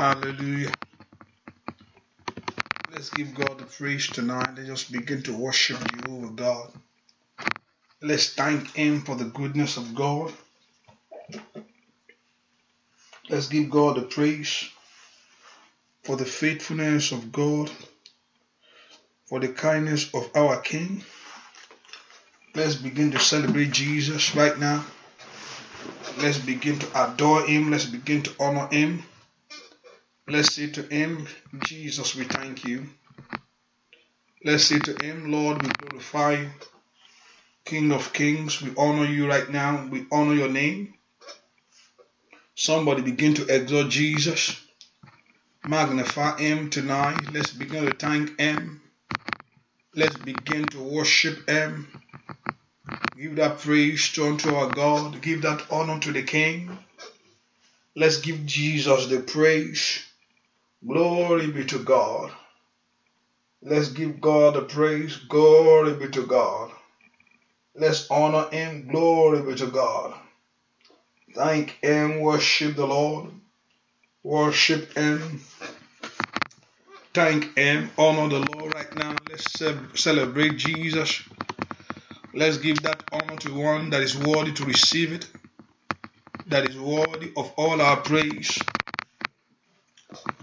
Hallelujah. Let's give God the praise tonight. Let's just begin to worship Jehovah God. Let's thank Him for the goodness of God. Let's give God the praise for the faithfulness of God, for the kindness of our King. Let's begin to celebrate Jesus right now. Let's begin to adore Him. Let's begin to honor Him. Let's say to Him, Jesus, we thank you. Let's say to Him, Lord, we glorify you. King of Kings, we honor you right now. We honor your name. Somebody begin to exalt Jesus. Magnify Him tonight. Let's begin to thank Him. Let's begin to worship Him. Give that praise to our God. Give that honor to the King. Let's give Jesus the praise. Glory be to God. Let's give God the praise. Glory be to God. Let's honor Him. Glory be to God. Thank and worship the Lord. Worship Him. Thank Him. Honor the Lord right now. Let's celebrate Jesus. Let's give that honor to one that is worthy to receive it, that is worthy of all our praise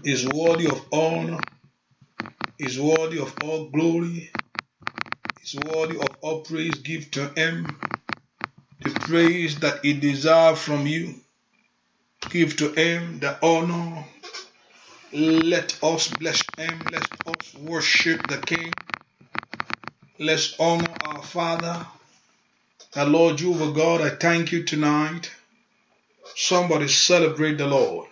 is worthy of honor, is worthy of all glory, is worthy of all praise. Give to him the praise that he deserves from you. Give to him the honor. Let us bless him. Let us worship the King. Let's honor our Father. The Lord Jehovah God, I thank you tonight. Somebody celebrate the Lord.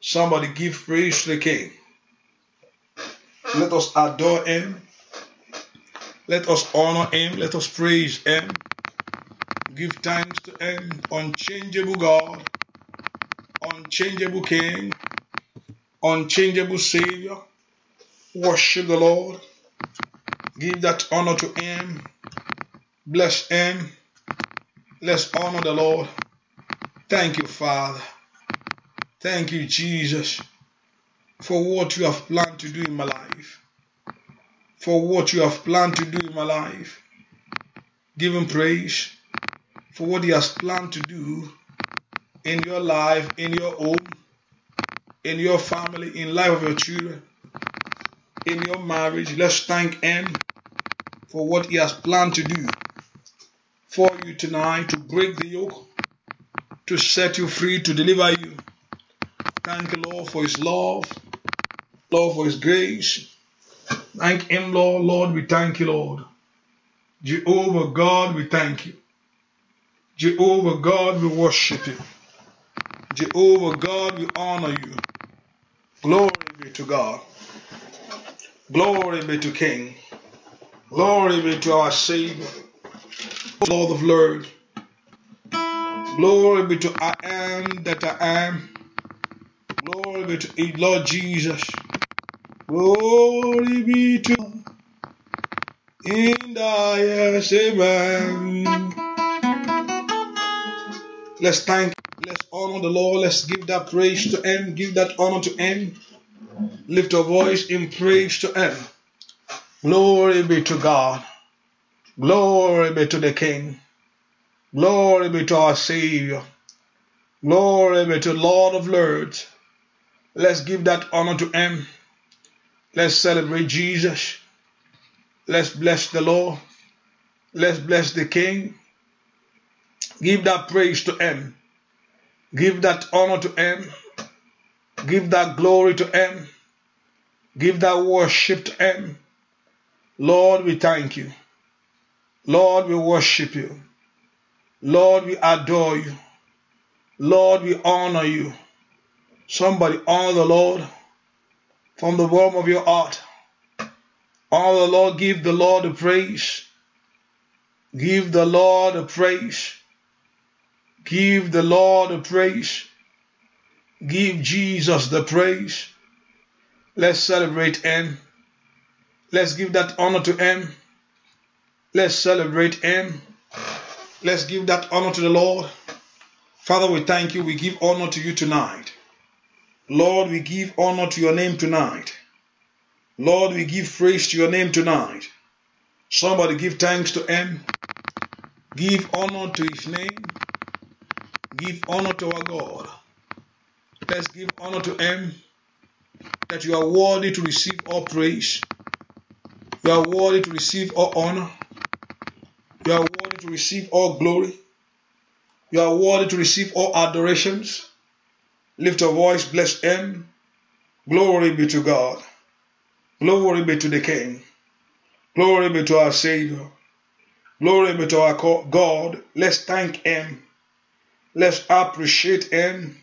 Somebody give praise to the King. Let us adore Him. Let us honor Him. Let us praise Him. Give thanks to Him, unchangeable God, unchangeable King, unchangeable Savior. Worship the Lord. Give that honor to Him. Bless Him. Let's honor the Lord. Thank you, Father. Thank you, Jesus, for what you have planned to do in my life. For what you have planned to do in my life. Give him praise for what he has planned to do in your life, in your home, in your family, in life of your children, in your marriage. Let's thank him for what he has planned to do for you tonight to break the yoke, to set you free, to deliver you Thank you, Lord, for His love. Lord, for His grace. Thank Him, Lord. Lord, we thank you, Lord. Jehovah God, we thank you. Jehovah God, we worship you. Jehovah God, we honor you. Glory be to God. Glory be to King. Glory be to our Savior, Lord of Lords. Glory be to I am that I am. Glory be to Lord Jesus. Glory be to Him. in the highest. Amen. Let's thank, let's honor the Lord. Let's give that praise to Him. Give that honor to Him. Lift your voice in praise to Him. Glory be to God. Glory be to the King. Glory be to our Savior. Glory be to Lord of Lords. Let's give that honor to Him. Let's celebrate Jesus. Let's bless the Lord. Let's bless the King. Give that praise to Him. Give that honor to Him. Give that glory to Him. Give that worship to Him. Lord, we thank you. Lord, we worship you. Lord, we adore you. Lord, we honor you. Somebody honor the Lord from the womb of your heart. Honor the Lord, give the Lord a praise. Give the Lord a praise. Give the Lord a praise. Give Jesus the praise. Let's celebrate Him. Let's give that honor to Him. Let's celebrate Him. Let's give that honor to the Lord. Father, we thank you. We give honor to you tonight. Lord, we give honor to your name tonight. Lord, we give praise to your name tonight. Somebody give thanks to him. Give honor to his name. Give honor to our God. Let's give honor to him that you are worthy to receive all praise. You are worthy to receive all honor. You are worthy to receive all glory. You are worthy to receive all adorations. Lift your voice, bless Him. Glory be to God. Glory be to the King. Glory be to our Savior. Glory be to our God. Let's thank Him. Let's appreciate Him.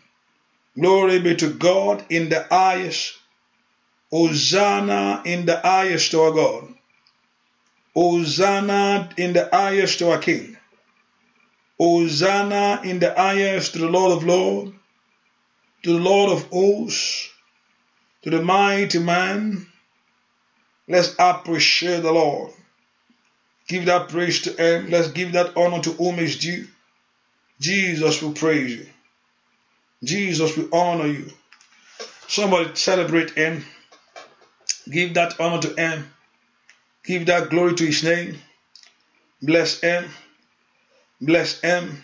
Glory be to God in the highest. Hosanna in the highest to our God. Hosanna in the highest to our King. Hosanna in the highest to the Lord of Lords to the Lord of hosts, to the mighty man. Let's appreciate the Lord. Give that praise to Him. Let's give that honor to whom is due. Jesus will praise you. Jesus will honor you. Somebody celebrate Him. Give that honor to Him. Give that glory to His name. Bless Him. Bless Him.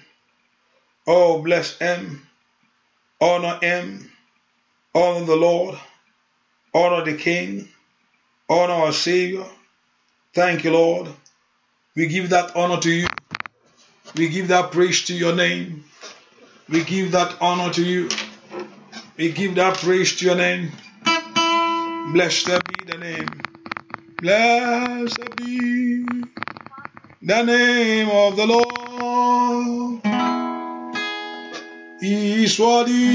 Oh, bless Him. Honor him. Honor the Lord. Honor the King. Honor our Savior. Thank you, Lord. We give that honor to you. We give that praise to your name. We give that honor to you. We give that praise to your name. Blessed be the name. Blessed be the name of the Lord. He is worthy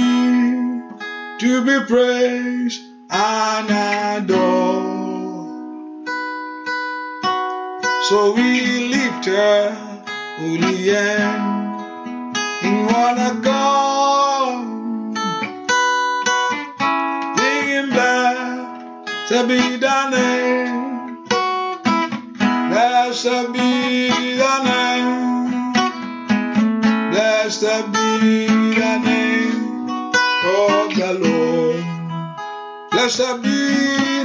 to be praised and adored. So we lift her holy hand in one accord, singing to be thy name, blessed be thy name. Blessed be the name of the Lord. Blessed be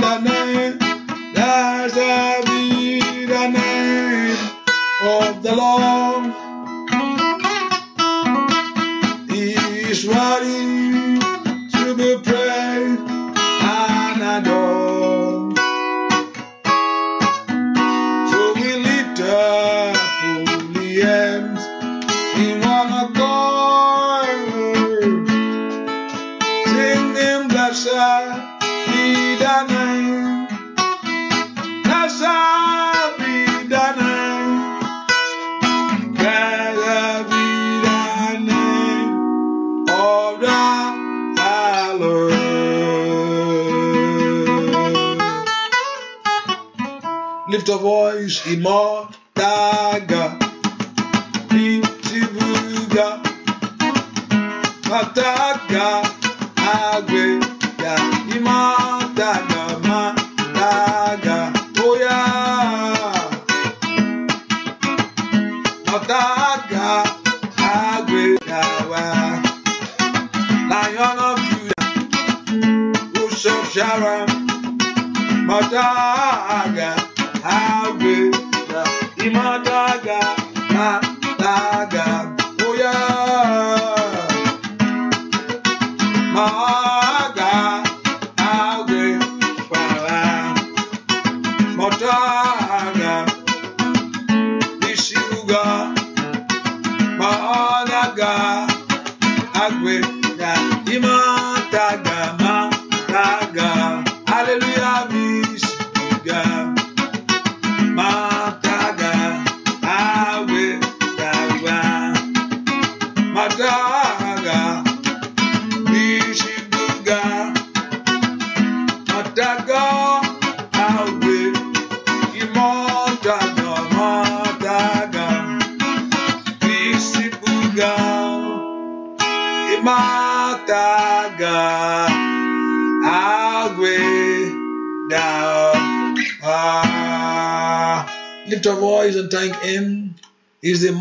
the name. Blessed be the name of the Lord. Is Israel. voz e mortaga e divulga mataga.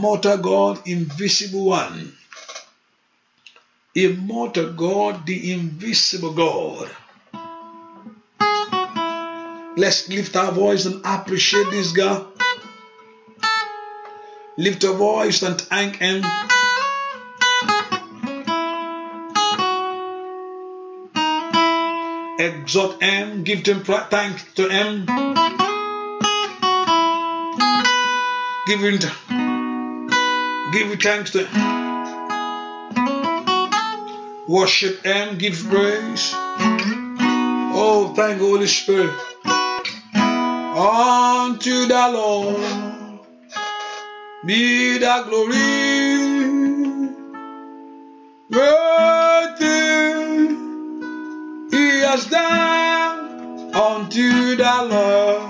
immortal God, invisible one. Immortal God, the invisible God. Let's lift our voice and appreciate this God. Lift your voice and thank Him. Exalt Him, give Him thanks to Him. Give Him. Give thanks to Him. Worship Him. Give praise. Oh, thank Holy Spirit. Unto the Lord be the glory. Worthy He has done unto the Lord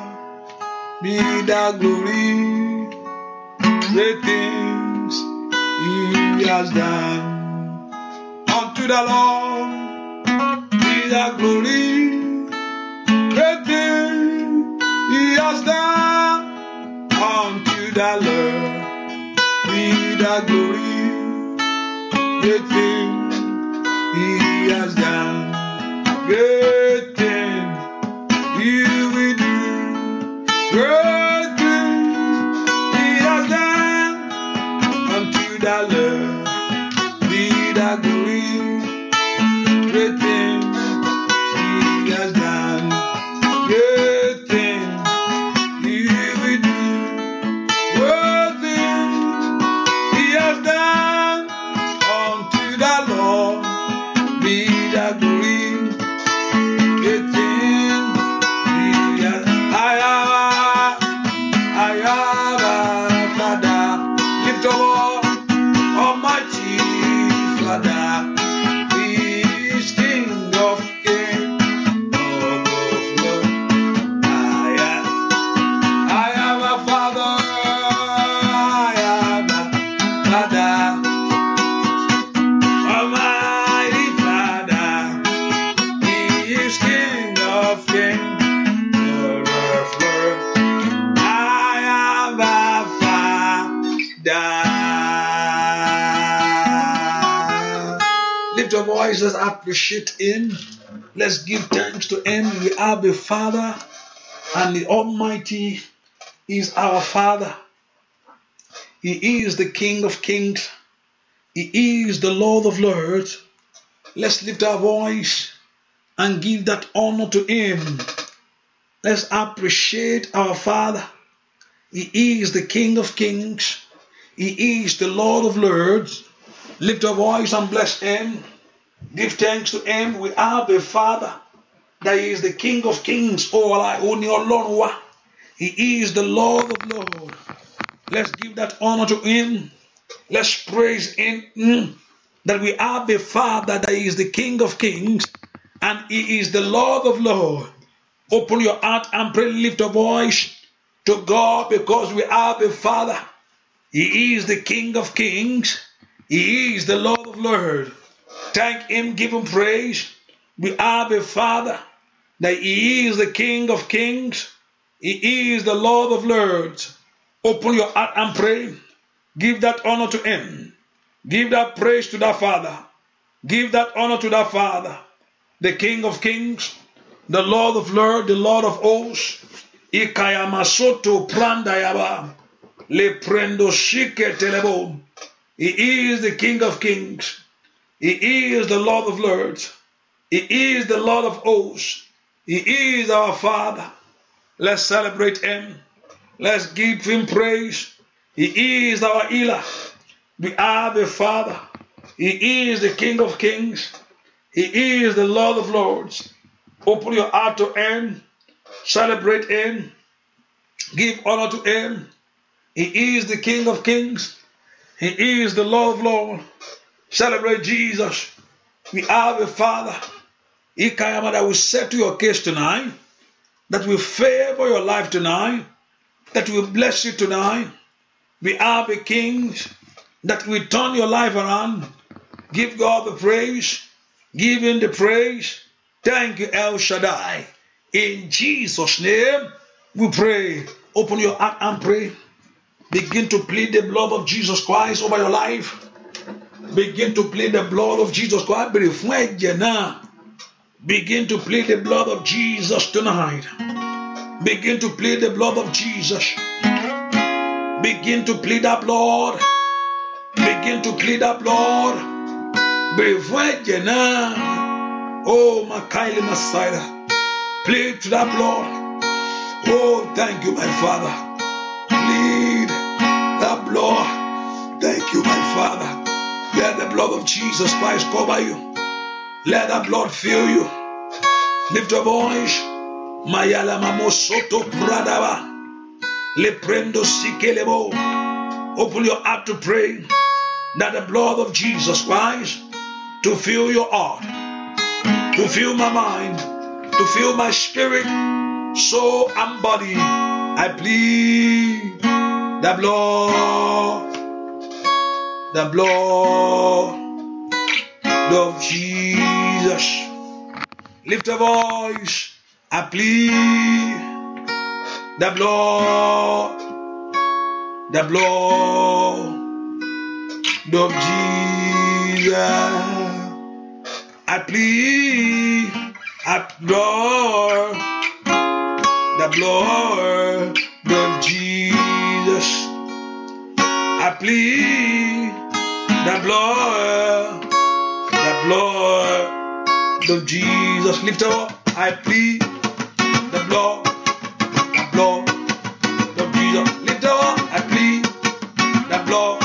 be the glory. Great has done. Unto the Lord be the glory, great thing He has done. Unto the Lord be the glory, great thing He has done. Great thing He will do. Great just appreciate Him. Let's give thanks to Him. We have a Father, and the Almighty is our Father. He is the King of Kings. He is the Lord of Lords. Let's lift our voice and give that honor to Him. Let's appreciate our Father. He is the King of Kings. He is the Lord of Lords. Lift your voice and bless Him. Give thanks to him. We have a Father that is the King of Kings. Oh, He is the Lord of Lords. Let's give that honor to him. Let's praise him hmm, that we have a Father that is the King of Kings and He is the Lord of Lords. Open your heart and pray, lift a voice to God because we have a Father. He is the King of Kings, He is the Lord of Lords. Thank Him, give Him praise. We are the Father that He is the King of kings, He is the Lord of lords. Open your heart and pray. Give that honor to Him. Give that praise to that Father. Give that honor to that Father, the King of kings, the Lord of lords, the Lord of hosts. Ikayamasoto prandayaba. Le prendo shike telebo. He is the King of kings. He is the Lord of lords. He is the Lord of hosts. He is our Father. Let's celebrate Him. Let's give Him praise. He is our Elah. We are the Father. He is the King of kings. He is the Lord of lords. Open your heart to Him. Celebrate Him. Give honor to Him. He is the King of kings. He is the Lord of lords. Celebrate Jesus. We have a Father, Ikayama, that will set your case tonight, that will favor your life tonight, that will bless you tonight. We have a King that will turn your life around. Give God the praise. Give Him the praise. Thank you, El Shaddai. In Jesus' name, we pray. Open your heart and pray. Begin to plead the blood of Jesus Christ over your life. Begin to plead the blood of Jesus. Kò á bèrè fún Begin to plead the blood of Jesus tonight. Begin to plead the blood of Jesus. Begin to plead that blood. Begin to plead that blood. Bèrè fún ẹ̀jẹ̀ náà. Oh, Makaili Messiah. Plead to that blood. Oh, thank you, my Father. Plead that blood. Thank you, my Father. Let the blood of Jesus Christ cover you. Let that blood fill you. Lift your voice. Mayala mamosoto pradaba. Leprendo sikelebo. Open your heart to pray that the blood of Jesus Christ to fill your heart, to fill my mind, to fill my spirit, soul, and body. I plead the blood the blood of Jesus. Lift a voice, I plead the blood, the blood of Jesus. I plead, I adore the blood of Jesus. I plead The blood, the blood of Jesus. Lift up, I plead the blood, the blood of Jesus. Lift up, I plead the blood.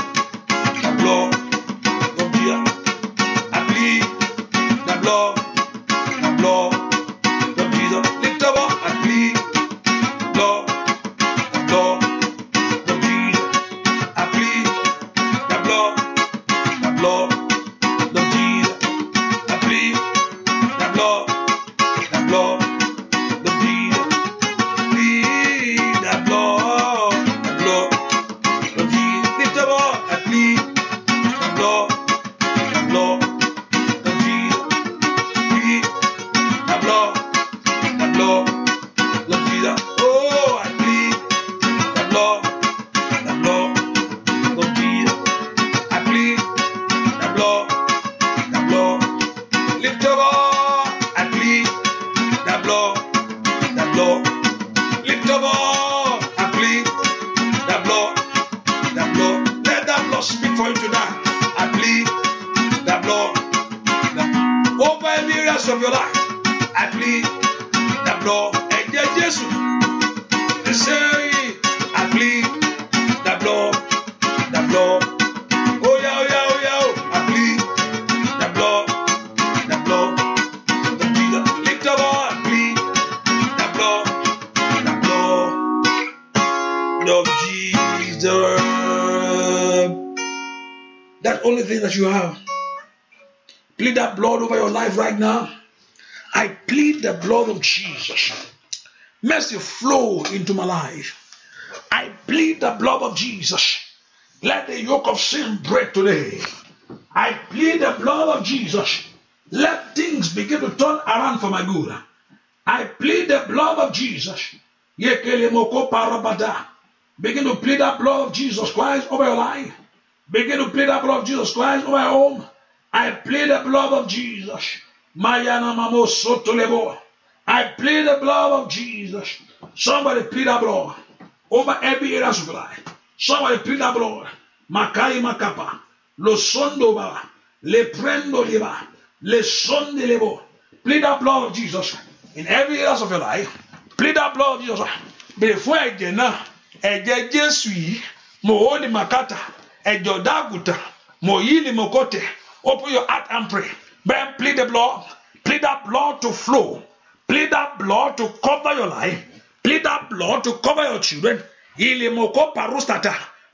into my life. I plead the blood of Jesus. Let the yoke of sin break today. I plead the blood of Jesus. Let things begin to turn around for my good. I plead the blood of Jesus. Begin to plead the blood of Jesus Christ over your life. Begin to plead the blood of Jesus Christ over your home. I plead the blood of Jesus. I plead the blood of Jesus. Somebody plead that blood over every area of life. Somebody plead that blood. Makai makapa. Lo sondo ba. Le prendo liba. Le sonde lebo. Plead that blood of Jesus in every area of your life. Plead that blood of Jesus. Before ẹ̀jẹ̀ náà, now, Jésù yìí, mo hó ni màkàtà, ẹ̀jọ̀ dàgùtà, mo yí ni mo kọ́tẹ̀. Open your heart and pray. Then plead the blood. Plead that blood to flow. Plead that blood to cover your life. Plead that blood to cover your children.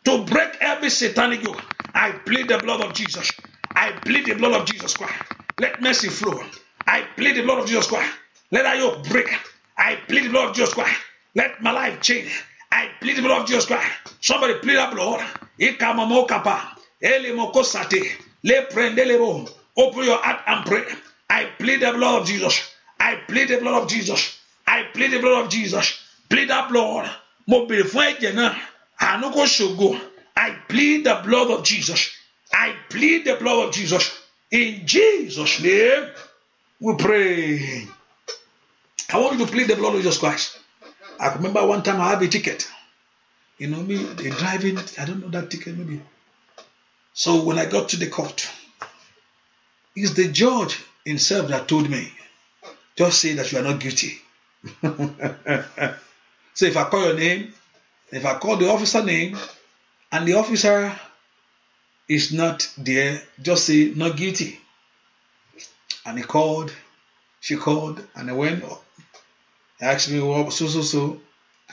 To break every satanic yoke. I plead the blood of Jesus. I plead the blood of Jesus Christ. Let mercy flow. I plead the blood of Jesus Christ. Let that yoke break. I plead the blood of Jesus Christ. Let my life change. I plead the blood of Jesus Christ. Somebody plead that blood. Open your heart and pray. I plead the blood of Jesus. I plead the blood of Jesus. I plead the blood of Jesus. plead that blood. Mo bèrè fún ẹ̀jẹ̀ náà. I plead the blood of Jesus. I plead the blood of Jesus. In Jesus' name, we pray. I want you to plead the blood of Jesus Christ. I remember one time I have a ticket. You know me, they driving, I don't know that ticket maybe. So when I got to the court, it's the judge himself that told me, just say that you are not guilty. So if I call your name, if I call the officer name, and the officer is not there, just say not guilty. And he called, she called, and I went. He asked me what so so so.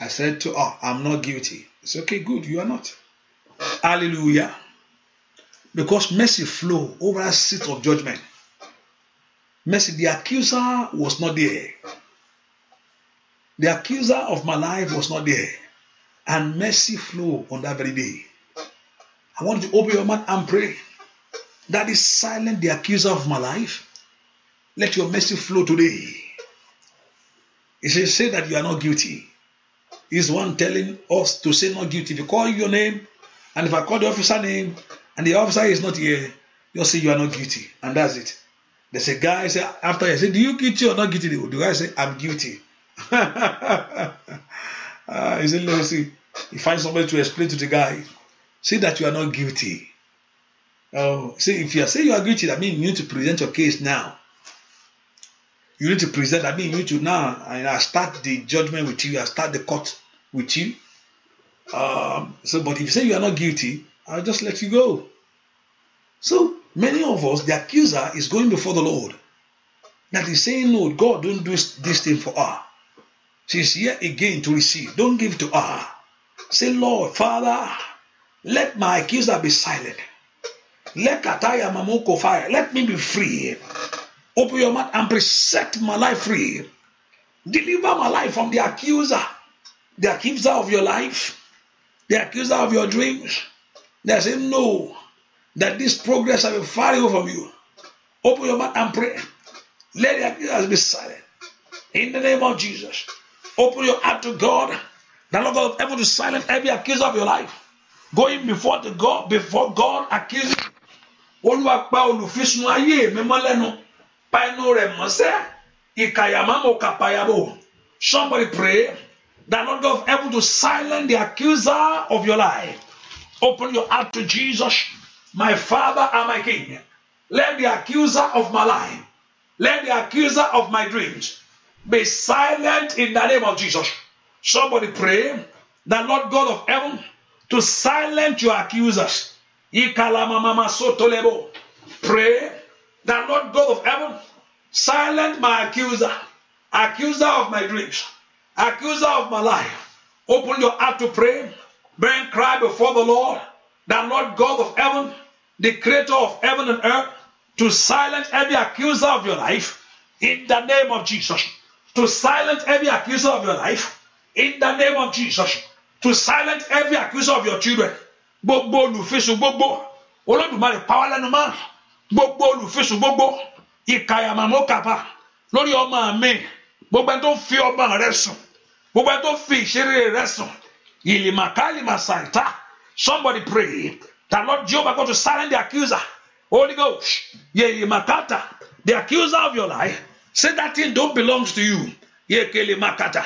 I said to her, I'm not guilty. It's okay, good, you are not. Hallelujah. Because mercy flow over a seat of judgment. Mercy, the accuser was not there. The accuser of my life was not there. And mercy flowed on that very day. I want you to open your mouth and pray. That is silent the accuser of my life. Let your mercy flow today. He says, say that you are not guilty. He's one telling us to say not guilty. If you call your name, and if I call the officer name, and the officer is not here, you'll say you are not guilty. And that's it. There's a guy say after I say, Do you guilty or not guilty? The guy say, I'm guilty uh, he said, let me see. He finds somebody to explain to the guy. Say that you are not guilty. Oh, see, if you are saying you are guilty, that means you need to present your case now. You need to present, I mean, you need to now, and I start the judgment with you, I start the court with you. Um, so, but if you say you are not guilty, I'll just let you go. So, many of us, the accuser is going before the Lord. That is saying, Lord, God, don't do this thing for us. She's here again to receive. Don't give to her. Say, Lord, Father, let my accuser be silent. Let Kataya Mamoko fire. Let me be free. Open your mouth and set my life free. Deliver my life from the accuser, the accuser of your life, the accuser of your dreams. They say, No, that this progress will be far away from you. Open your mouth and pray. Let the accuser be silent. In the name of Jesus. Open your heart to God. The Lord God of heaven to silence every accuser of your life. Going before the God, before God accusing. Olúwa pa olùfisùn ayé mi lẹ́nu. Pa ẹnu rẹ̀ mọ́ sẹ́. Ìkàyà máa mọ̀ kàpáyàbò. Somebody pray. The Lord God of heaven to silence the accuser of your life. Open your heart to Jesus, my Father and my King. Let the accuser of my life, let the accuser of my dreams, Be silent in the name of Jesus. Somebody pray that Lord God of heaven to silence your accusers. Pray that Lord God of heaven silence my accuser, accuser of my dreams, accuser of my life. Open your heart to pray. Bring cry before the Lord that Lord God of heaven, the creator of heaven and earth, to silence every accuser of your life in the name of Jesus. to silence every accuser of your life in the name of Jesus to silence every accuser of your children gbogbo olùfisùn gbogbo olódùmarè pàwọ́ lẹ́nu mọ́ gbogbo olùfisùn gbogbo ìkàyàmàmókàpà lórí ọmọ mi gbogbo ẹni tó fi ọmọ rẹ sùn gbogbo ẹni tó fi ìṣeré rẹ sùn ìlìmàkàlìmà sàìtà somebody pray that Lord Jehovah God to silence the accuser Holy Ghost yẹ ìlìmàkàtà the accuser of your life Say that thing don't belong to you. keli makata.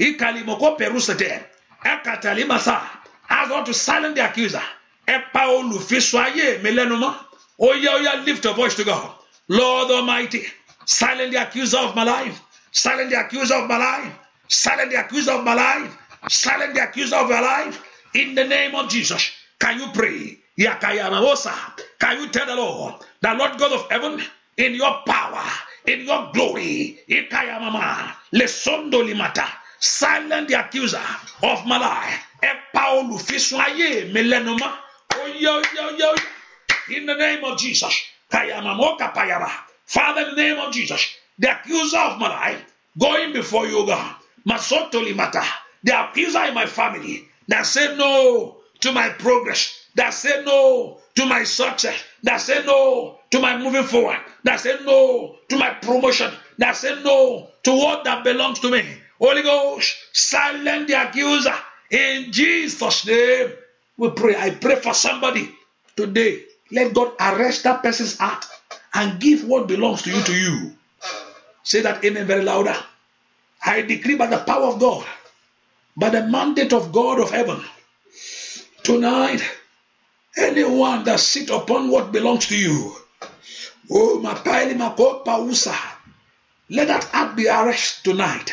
Ikalimoko perusete. Ekatalimasa. As want to silence the accuser. Epa olufiswaye melenuma. Oya oya lift your voice to God. Lord Almighty, silence the accuser of my life. Silence the accuser of my life. Silence the accuser of my life. Silence the accuser of your life. In the name of Jesus, can you pray? Can you tell the Lord, the Lord God of heaven, in your power, in your glory. Ikayamama, lesondo limata. Silent the accuser of Malai. life. Ẹ̀pà e olùfisùn ayé mi lẹ́nu mọ́. Oye oye oye oye. In the name of Jesus. Kayamama okapayaba. Father, in the name of Jesus. The accuser of Malai Going before you, God. Masoto limata. The accuser in my family. That said no to my progress. That said no to my success. That said no to my moving forward, that say no to my promotion, that say no to what that belongs to me. Holy Ghost, silence the accuser in Jesus' name. We pray. I pray for somebody today. Let God arrest that person's heart and give what belongs to you to you. Say that amen very louder. I decree by the power of God, by the mandate of God of heaven, tonight, anyone that sit upon what belongs to you, Oh, Mapaili Makopa Usa. Let that act be arrested tonight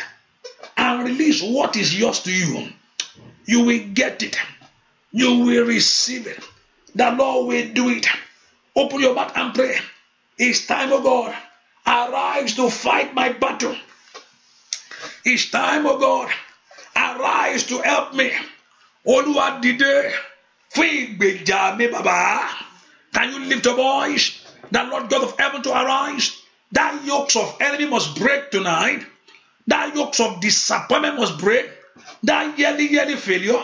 and release what is yours to you. You will get it. You will receive it. The Lord will do it. Open your mouth and pray. It's time, O oh God. Arise to fight my battle. It's time, O oh God. Arise to help me. Oluwadide, dìde fún bàbá. Can you lift your voice? That Lord God of heaven to arise. That yokes of enemy must break tonight. That yokes of disappointment must break. That yearly, yearly failure.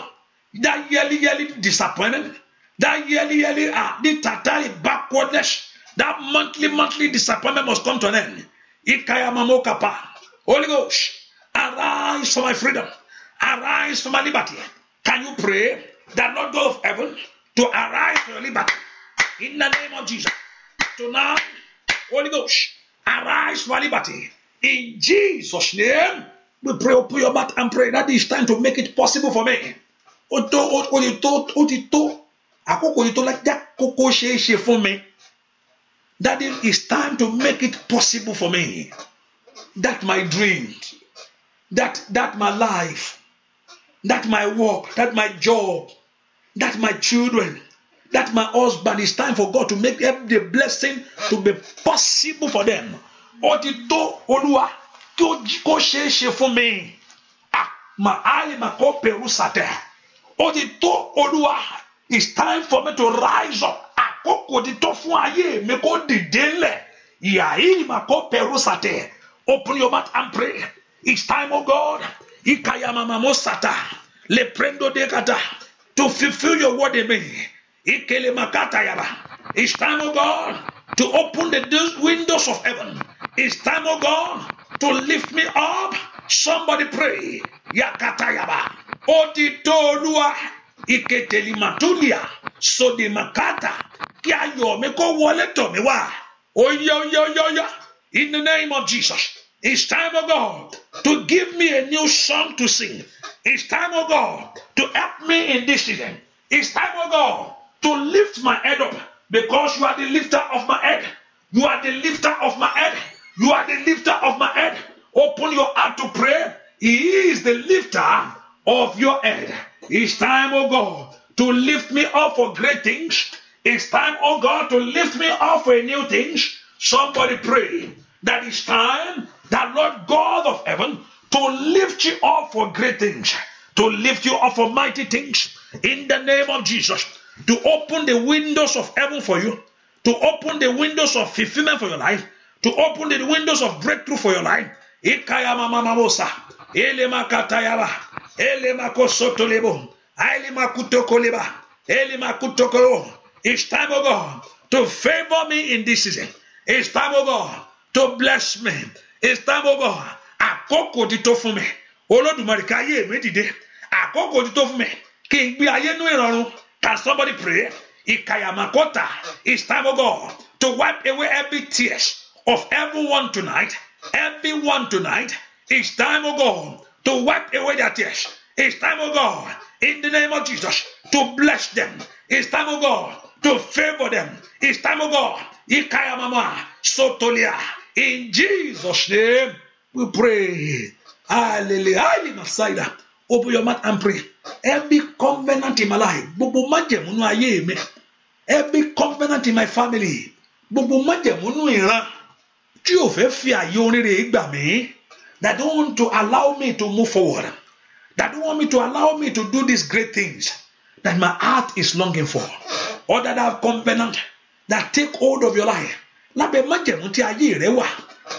That yearly, yearly disappointment. That yearly, yearly, ah, the tatari backwardness. That monthly, monthly disappointment must come to an end. Ikayamamokapa. Holy Ghost, arise for my freedom. Arise for my liberty. Can you pray that Lord God of heaven to arise for your liberty? In the name of Jesus. tonight, Holy Ghost, arise for liberty. In Jesus' name, we pray, open your mouth and pray. That is time to make it possible for me. Ó tó, ó ti tó, ó ti tó. Àkókò yìí tó That is time to make it possible for me. That my dream, that that my life, that my work, that my job, that my children, that my husband it's time for God to make the blessing to be possible for them ó ti tó olúwa kó ṣeé ṣe fún mi mà á lè mà kó pẹ̀lú sàtẹ̀ ó ti tó olúwa it's time for me to rise up àkókò ti tó fún ayé mi kó dìde ńlẹ̀ ìyá yìí mà kó pẹ̀lú sàtẹ̀ open your mouth and pray it's time o oh God ìkàyà màmá mo sàtà lè prendo de kata to fulfil your word in me. It's time, oh God, to open the windows of heaven. It's time, oh God, to lift me up. Somebody pray. Yakatayaba. Oditolua. Iketelimatunia. Sodimakata. Kiayo meko wale tọ̀ mí wá. yo. In the name of Jesus. It's time, oh God, to give me a new song to sing. It's time, oh God, to help me in this season. It's time, oh God, to lift my head up because you are the lifter of my head. You are the lifter of my head. You are the lifter of my head. Open your heart to pray. He is the lifter of your head. It's time, oh God, to lift me up for great things. It's time, oh God, to lift me up for new things. Somebody pray that it's time that Lord God of heaven to lift you up for great things, to lift you up for mighty things in the name of Jesus. to open the windows of heaven for you, to open the windows of fulfillment for your life, to open the windows of breakthrough for your life. Ikayamamamosa, elemakatayaba, elemakosotolebo, ailemakutokoleba, elemakutokolo. It's time, O God, to favor me in this season. It's time, O God, to bless me. It's time, O God, àkókò ti tó fún mi. Olódùmarè ká ayé mi dìde. Àkókò ti tó fún mi. Kí n gbé ayé nú Can somebody pray? Ikayamakota. It's time, of oh God, to wipe away every tears of everyone tonight. Everyone tonight. It's time, of oh God, to wipe away their tears. It's time, of oh God, in the name of Jesus, to bless them. It's time, of God, to favor them. It's time, of God. Ikayamama Sotolia. In Jesus' name, we pray. Hallelujah. open your mouth and pray every covenant in my life gbogbo májẹ̀múnú ayé mi every covenant in my family gbogbo májẹ̀múnú ìran tí ò fẹ́ fi àyè oríire gbà mí that don't want to allow me to move forward that don't want me to allow me to do these great things that my heart is longing for or that have covenant that take hold of your life lábẹ́ májẹ̀mú tí ayé rẹ wà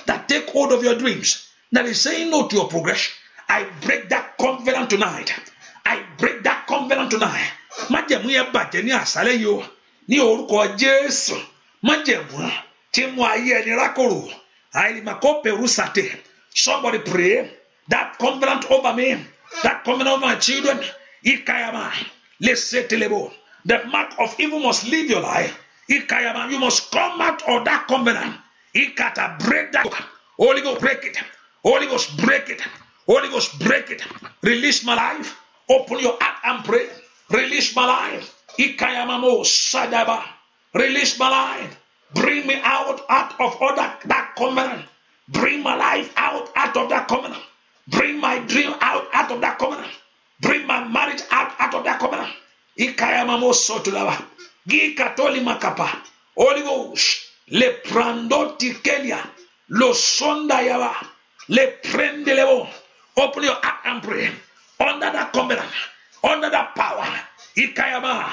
that take hold of your dreams that is saying no to your progression I break that covenant tonight. I break that covenant tonight. Májẹ̀mú yẹn bàjẹ́ ní àṣálẹ́ yìí o. Ní orúkọ Jésù. Májẹ̀mú tí mú ayé ẹni rákòrò. Àìlèmàkó pẹ̀rú sàtẹ̀. Somebody pray that covenant over me. That covenant over my children. Ikayama. Let's say telebo. The mark of evil must leave your life. Ikayama. You must come out of that covenant. Ikata break that. Holy Ghost break it. Holy Ghost break it. Holy Ghost, break it. Release my life. Open your heart and pray. Release my life. Ikayamamo sadaba. Release my life. Bring me out out of all that, that covenant. Bring my life out out of that covenant. Bring my dream out out of that covenant. Bring my marriage out out of that covenant. Ikayamamo sotulaba. Gikatoli makapa. Holy Ghost. Le prando tikelia. Lo sonda yaba. Le prende lebo. Open your heart and pray. Under that covenant, under that power, Ikayama,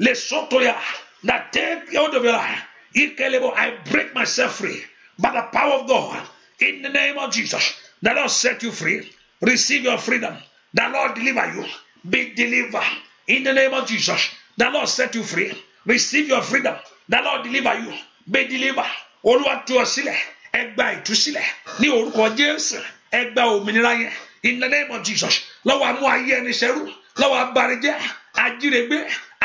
Lesotoya, that take out of your life. I break myself free by the power of God. In the name of Jesus, the Lord set you free. Receive your freedom. The Lord deliver you. Be delivered. In the name of Jesus, the Lord set you free. Receive your freedom. The Lord deliver you. Be delivered. Olúwa tú ọ sílẹ̀. Ẹ gba ìtúsílẹ̀ ní orúkọ Jesus. ẹ òmìnira yẹn in the name of Jesus lọ́wọ́ àmú ayé ẹni sẹ́rú lọ́wọ́ abarijẹ́ ajínigbé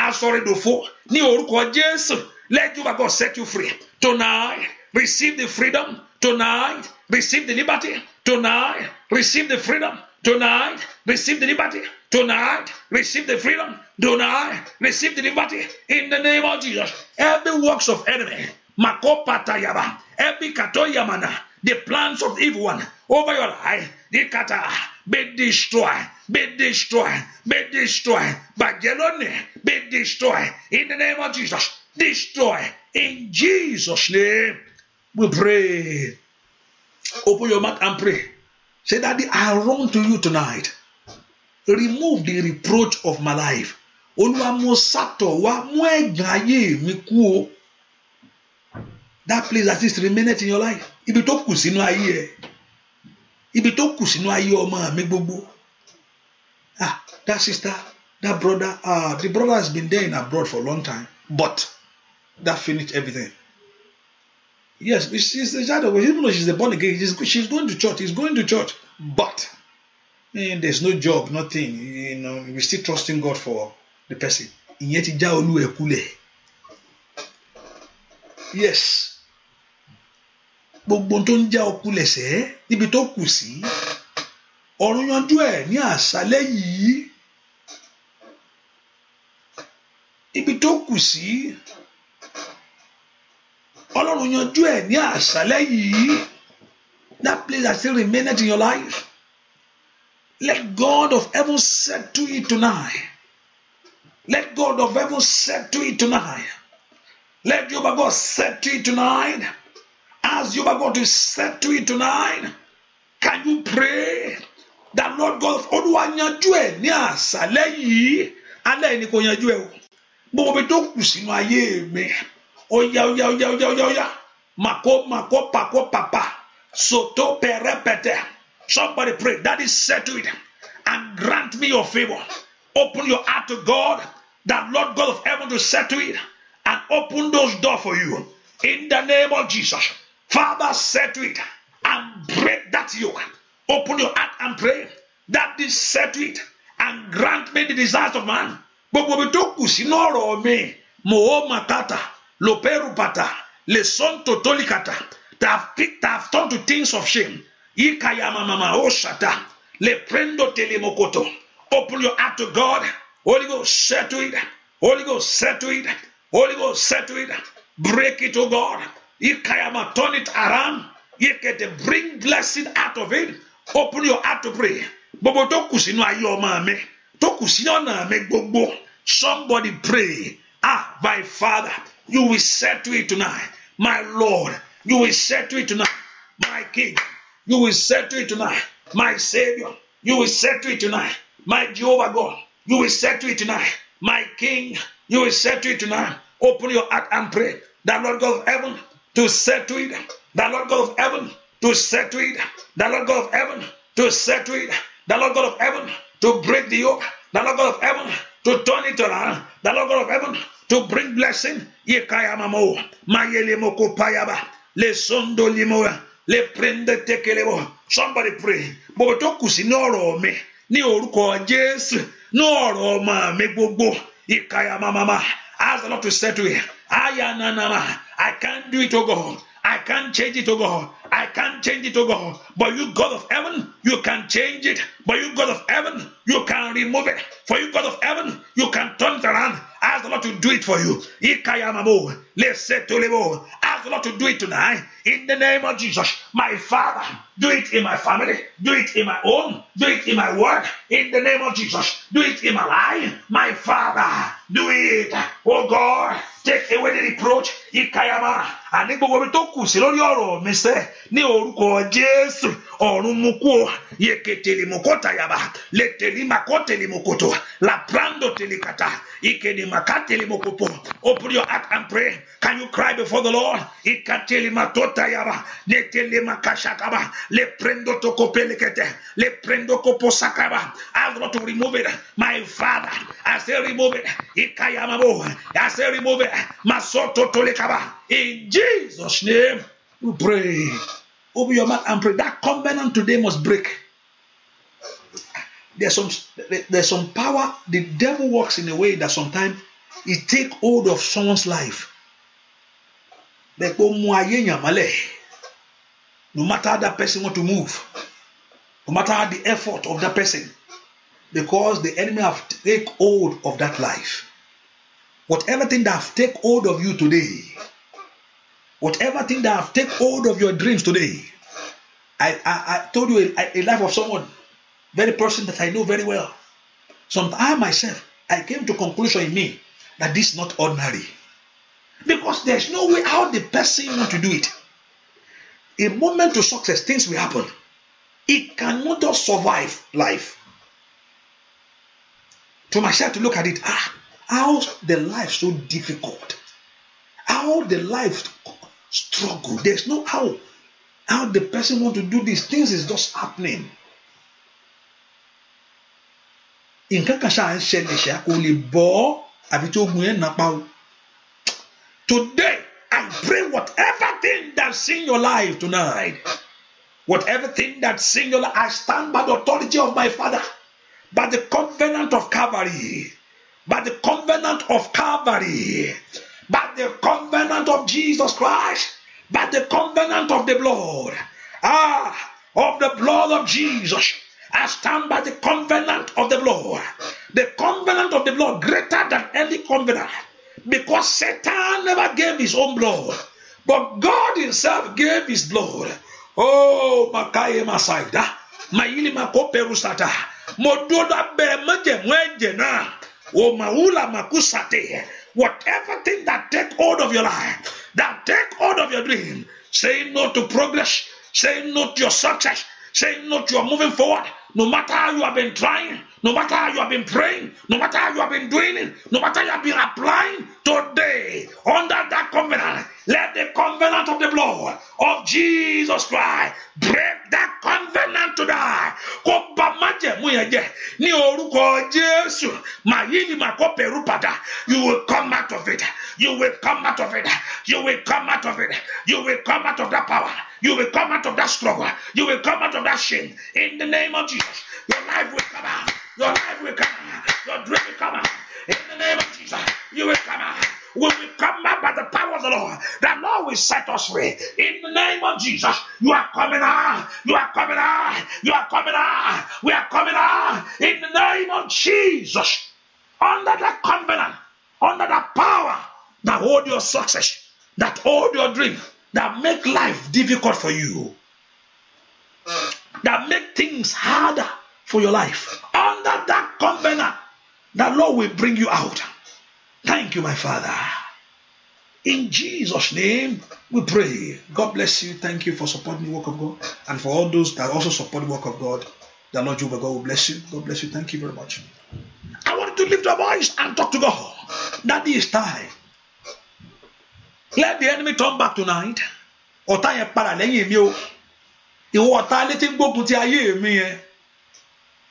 asọ̀rìndòfo ní orúkọ Jésù let you God set you free tonight receive the freedom tonight receive the liberty tonight receive the freedom tonight receive the liberty tonight receive the freedom tonight receive the liberty in the name of Jesus every works of enemy makopa tayaba. every katoyamana the plans of evil one over your life, the kata, be destroyed, be destroyed, be destroyed. by lónìí, be destroyed. In the name of Jesus, destroy. In Jesus' name, we pray. Open your mouth and pray. Say, Daddy, I run to you tonight. Remove the reproach of my life. Olúwa mo sátọ̀ wá mú ẹ̀gàn mi kú that place that is remained in your life ibi tó kù sínú ayé ẹ ibi tó kù sínú ayé ọmọ mi gbogbo ah that sister that brother ah the brother has been there in abroad for a long time but that finished everything yes she's the child of God even though she's a born again she's, she's going to church Is going to church but eh, there's no job nothing you know we still trusting God for the person ìyẹn ti já olú ẹ kulẹ̀ yes gbogbo tó ń já okú níbi tó kù sí ọ̀run yanjú ẹ̀ ní àṣálẹ́ yìí ibi tó kù sí ọlọ́run yanjú ẹ̀ ní àṣálẹ́ yìí that place that still remained in your life let God of heaven settle it tonight let God of heaven settle it tonight let Jehovah God settle it tonight as you are going to set to it tonight, can you pray that Lord God Olúwa yanjú ẹ̀ ní àṣálẹ́ yìí alẹ́ ni kò yanjú ẹ̀ o gbogbo mi tó kù sínú ayé mi oya oya oya oya oya oya mako mako pako papa soto pẹrẹpẹtẹ somebody pray that is to it and grant me your favour open your heart to God that Lord God of heaven to set to it and open those doors for you in the name of Jesus. Father, set to it and break that yoke. Open your heart and pray that this set to it and grant me the desires of man. Gbogbo mi tó kù sínú ọ̀rọ̀ mi, mò ó màtàtà, lò pẹ́rù bàtà, lè sọ́n tó tólíkàtà, tà have turned to things of shame. Yíkàyà màmàmà ó ṣàtà, lè prendo tele mo koto. Open your heart to God. Holy Ghost, set to it. Holy Ghost, set to it. Holy Ghost, set to it. Break it, O God. Ikayama, turn it around. to bring blessing out of it. Open your heart to pray. Gbogbo tó kù sínú ayé ọmọ mi, tó kù sínú ọ̀nà Somebody pray. Ah, my Father, you will set to it tonight. My Lord, you will set to it tonight. My King, you will set to it tonight. My Savior, you will set to it tonight. My Jehovah God, you will set to it tonight. My King, you will set to it tonight. Open your heart and pray. The Lord God of heaven, to set to it, the Lord God of heaven, to set to it, the Lord God of heaven, to set to it, the Lord God of heaven, to break the yoke, the Lord God of heaven, to turn it around, the Lord God of heaven, to bring blessing. Yekayamamo, Mayelemo Kopayaba, Le Sondo Limoa, Le Prende Tekelebo. Somebody pray. Botokusi noro me, ni kwa Jesu, noro ma me gbogbo. Ikayamamama. Ask the Lord to set to it. I can't do it, oh God. I can't change it, oh God. I can't change it, oh God. But you, God of heaven, you can change it. But you, God of heaven, you can remove it. For you, God of heaven, you can turn it around. Ask the Lord to do it for you. Let's say to Lebo. Ask the Lord to do it tonight. In the name of Jesus. My Father, do it in my family. Do it in my home. Do it in my work. In the name of Jesus. Do it in my life. My Father, do it. Oh God, take away the reproach. Ikayama. Àní gbogbo omi tó kù sí lórí ọ̀rọ̀ mi sẹ́ ní orúkọ Jesus. ọ̀run mú kú o yeketele mokota yaba leteli makotele mokoto labrando telekata ikene makatele mokopo open your heart and pray can you cry before the Lord ikatele matota yaba letele makashakaba le prendo tokopelekete le prendo koposakaba ask God to remove it my father I say remove it ikayamabo I say remove it masoto tolekaba in Jesus name we pray. Open your mouth and pray. That covenant today must break. There's some there's some power. The devil works in a way that sometimes he take hold of someone's life. Like no matter how that person want to move, no matter how the effort of that person, because the enemy have take hold of that life. Whatever thing that have take hold of you today, Whatever thing that have taken hold of your dreams today, I, I, I told you a, a life of someone, very person that I know very well. Sometimes I myself, I came to conclusion in me that this is not ordinary. Because there's no way how the person want to do it. A moment to success, things will happen. It cannot just survive life. To myself to look at it, ah, how the life so difficult. How the life struggle. There's no how how the person want to do these things is just happening. nǹkan kan ṣáà ń ṣẹlẹ̀ ṣá kò lè bọ́ àbí tó gun nàpa o. Today I pray whatever thing that's in your life tonight whatever thing that's in your life I stand by the authority of my father by the covenant of Calvary by the covenant of Calvary by the covenant of Jesus Christ, by the covenant of the blood. Ah, of the blood of Jesus. I stand by the covenant of the blood. The covenant of the blood greater than any covenant. Because Satan never gave his own blood. But God himself gave his blood. Oh, Makaye Masaida. Mayili Makoperusata. Mododa Bere Majemwe Jena. O Maula Makusate. Whatever thing that take hold of your life, that take hold of your dream, saying no to progress, saying no to your success, saying no to your moving forward, no matter how you have been trying, no matter how you have been praying, no matter how you have been doing it, no matter you have been applying today under that covenant, let the covenant of the blood of Jesus Christ break that covenant to die. ni màá You will come out of it. You will come out of it. You will come out of it. You will come out of that power. You will come out of that struggle. You will come out of that shame. In the name of Jesus, your life will come out. Your life will come. Your dream will come. In the name of Jesus, you will come. We we come back by the power of the Lord, the Lord will set us free. In the name of Jesus, you are coming out. You are coming out. You are coming out. We are coming out. In the name of Jesus, under the covenant, under the power that hold your success, that hold your dream, that make life difficult for you, that make things harder for your life under that covenant, the Lord will bring you out. Thank you, my Father. In Jesus' name, we pray. God bless you. Thank you for supporting the work of God. And for all those that also support the work of God, the Lord Jehovah God will bless you. God bless you. Thank you very much. I want you to lift your voice and talk to God. That is time. Let the enemy turn back tonight. Ọ̀tá yẹn padà lẹ́yìn mi o. Ìwọ ọ̀tá létí gbógun ti ayé mi yẹn.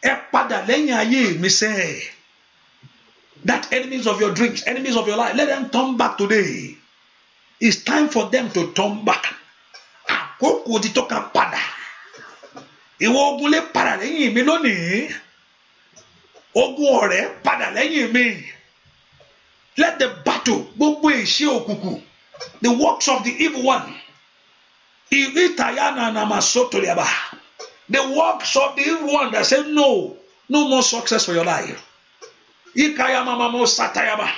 ẹ padà lẹ́yìn ayé mi sẹ́ that enemies of your dreams enemies of your life let them turn back today it's time for them to turn back àkókò ti tó kan padà ìwọ ogun lè padà lẹ́yìn mi lónìí ogun ọ̀rẹ́ padà lẹ́yìn mi let the battle gbogbo ìṣe òkùnkùn the works of the evil one ìrítàyà nànàmà sótòlẹ́bà. So the works of the evil one that say no no more success for your life ikaya mama mo satayaba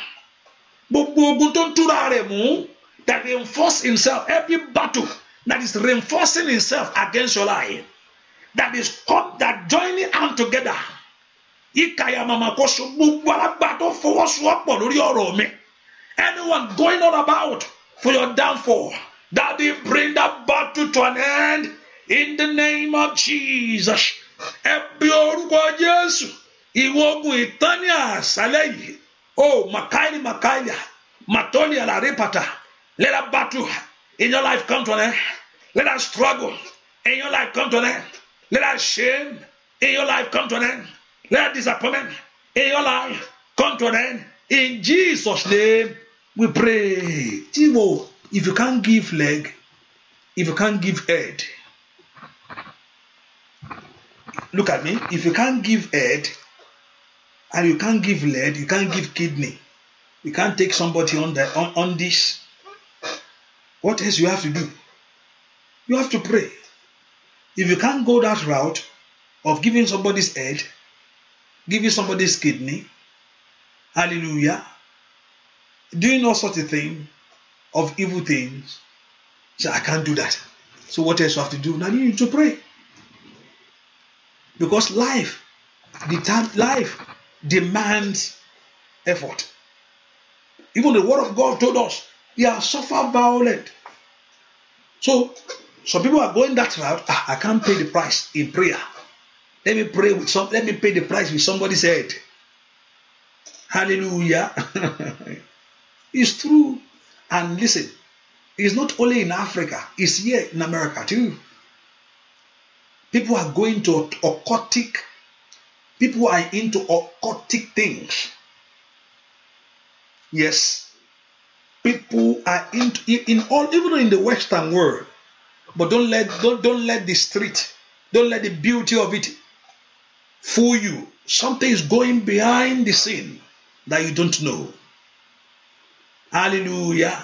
gbogbo ogun tó ń túra rẹ̀ mú that reinforce himself every battle that is reinforcing himself against your life that is come that joining hand together ikaya mama kò so gbogbo alágbà tó fọwọ́sowọ́pọ̀ lórí ọ̀rọ̀ mi anyone going on about for your downfall daddy bring that battle to an end in the name of Jesus ẹ pe orúkọ Jésù ìwọ ogun ìtàn ní àṣálẹ́ yìí o makaili makaila matoli alaripata let that battle in your life come to an end let that struggle in your life come to an end let that shame in your life come to an end let that disappointment in your life come to an end in Jesus name we pray Timo if you can't give leg if you can't give head. Look at me. If you can't give head and you can't give lead, you can't give kidney, you can't take somebody on, the, on, on this, what else you have to do? You have to pray. If you can't go that route of giving somebody's head, giving somebody's kidney, hallelujah, doing all sorts of things, of evil things, so I can't do that. So what else you have to do? Now you need to pray because life determines life demands effort even the word of god told us they have suffered violent so some people are going that route ah, i can't pay the price in prayer let me pray with some let me pay the price with somebody's head hallelujah it's true and listen it's not only in africa it's here in america too People are going to occultic, people are into occultic things. Yes, people are into in all even in the western world but don't let don't, don't let the street don't let the beauty of it fool you something is going behind the scene that you don't know hallelujah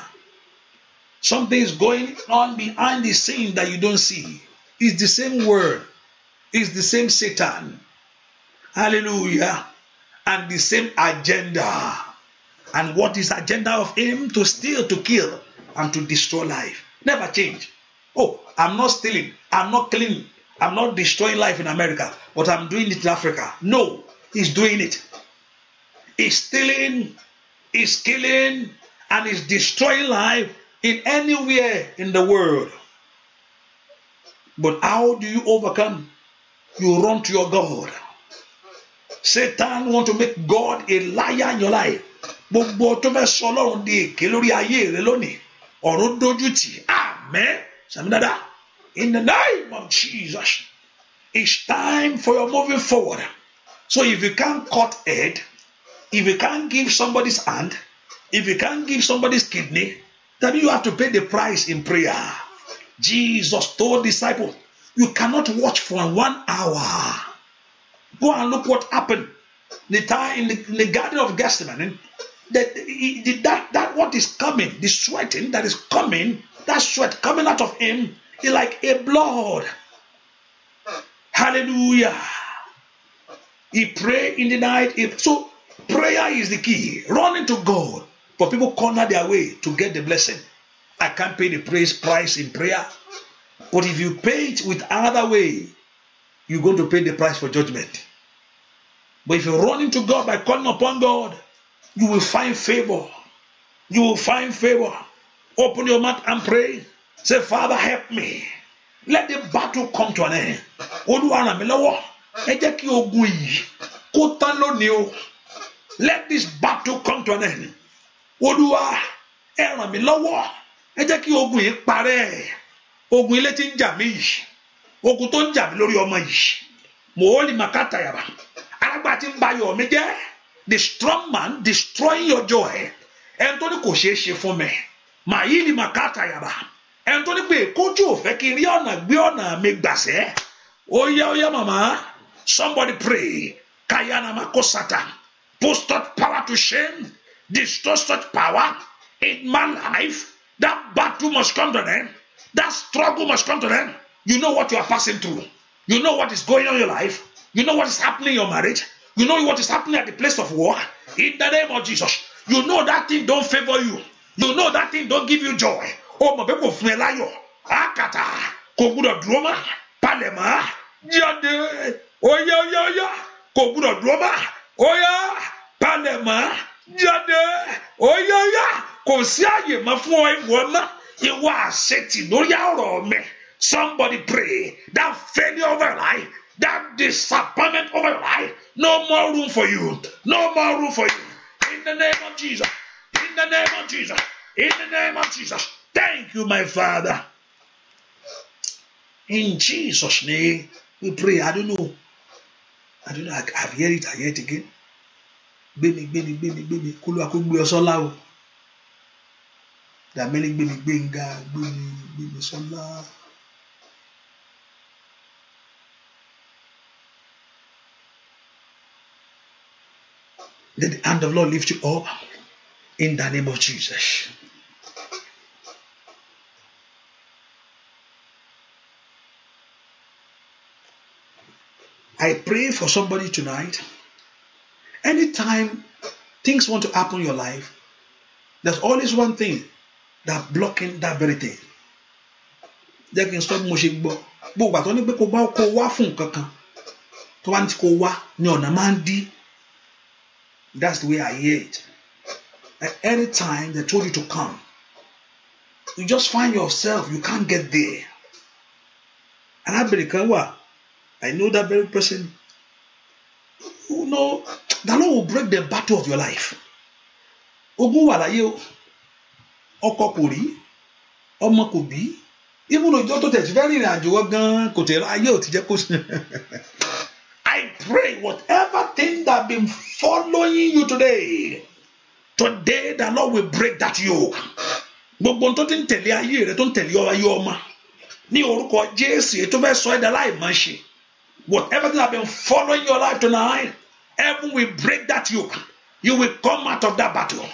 something is going on behind the scene that you don't see it's the same word. It's the same Satan. Hallelujah. And the same agenda. And what is agenda of him? To steal, to kill, and to destroy life. Never change. Oh, I'm not stealing. I'm not killing. I'm not destroying life in America, but I'm doing it in Africa. No, he's doing it. He's stealing, he's killing, and he's destroying life in anywhere in the world. But how do you overcome? You run to your God. Satan want to make God a liar in your life. Gbogbo tó fẹ́ sọ Ọlọ́run di èké lórí ayé rẹ lónìí. Ọ̀run dojú tì. Amen. Sàmì In the name of Jesus, it's time for your moving forward. So if you can't cut head, if you can't give somebody's hand, if you can't give somebody's kidney, then you have to pay the price in prayer. Jesus told disciple, you cannot watch for one hour. Go and look what happened the time in the, in the garden of Gethsemane. That, that that what is coming, the sweating that is coming, that sweat coming out of him is like a blood. Hallelujah. He pray in the night. so prayer is the key. Running to God, but people corner their way to get the blessing. I can't pay the praise price in prayer. But if you pay it with another way, you're going to pay the price for judgment. But if you run into God by calling upon God, you will find favor. You will find favor. Open your mouth and pray. Say, Father, help me. Let the battle come to an end. Olúwa ràn Let this battle come to an end. Olúwa ẹ ẹ jẹ́ kí ogun yìí parẹ́ ogun ilé tí ń jà mí yìí ogun tó ń jà mí lórí ọmọ yìí mòólì màkàtà yàrá alágbà tí ń ba yọ̀ mí jẹ́ the strong man destroying your joy ẹni tó ní kò ṣeé ṣe fún mi màyílì màkàtà yàrá ẹni tó ní pé kójú ò kí n rí ọ̀nà gbé ọ̀nà mi gbàṣẹ́ ó yá màmá somebody pray kayana makosata post that power to shame destroy such power in my life. That battle must come to an end. That struggle must come to an end. You know what you are passing through. You know what is going on in your life. You know what is happening in your marriage. You know what is happening at the place of work. In the name of Jesus. You know that thing don't favor you. You know that thing don't give you joy. Oh, my people, fún Akata, kò gbúdọ̀ dúró mọ́. Palẹ̀mọ́, jáde. Oya, oya, oya. Kò gbúdọ̀ dúró mọ́. Oya, palẹ̀mọ́, jáde. Oya, kò sí àyè mọ́ fún ìwọ náà ìwọ àṣetì lórí ọ̀rọ̀ mi somebody pray that failure over a life that disappointment of a life no more room for you no more room for you in the name of Jesus in the name of Jesus in the name of Jesus thank you my father in Jesus name we pray I don't know I don't know I, I've heard it I heard it again gbemi gbemi gbemi gbemi kó ló wa o. Dàmírí gbémi gbénga gbémi gbémi sọ́lá. Let the hand of the Lord lift you up in the name of Jesus. I pray for somebody tonight. Anytime things want to happen in your life, there's always one thing that blocking that very thing jẹ́ kí n sọ bí mo ṣe gbọ́ gbogbo àtọ́ ní pé kó bá kó wá fún nǹkan kan tó bá ní ti kó wá ni ọ̀nà máa ń dí that's the way I hear it at any time they told you to come you just find yourself you can't get there And arábìnrin kan wà I know that very person you know the Lord will break the battle of your life ogun wà láyé o ọkọ kò rí ọmọ kò bí ibùdó ìjọ tó tẹ̀sí fẹ́ rìnrìn àjò gan kò tẹ̀ ayé ò ti jẹ́ kó sùn. I pray whatever thing that been following you today today the Lord will break that yoke gbogbo tó ti ń tẹ̀lé ayé rẹ tó ń tẹ̀lé ayé ọmọ ní orúkọ Jésù tó fẹ́ sọ ẹ̀dá láì máa ṣe whatever thing that been following your life tonight heaven will break that yoke you will come out of that battle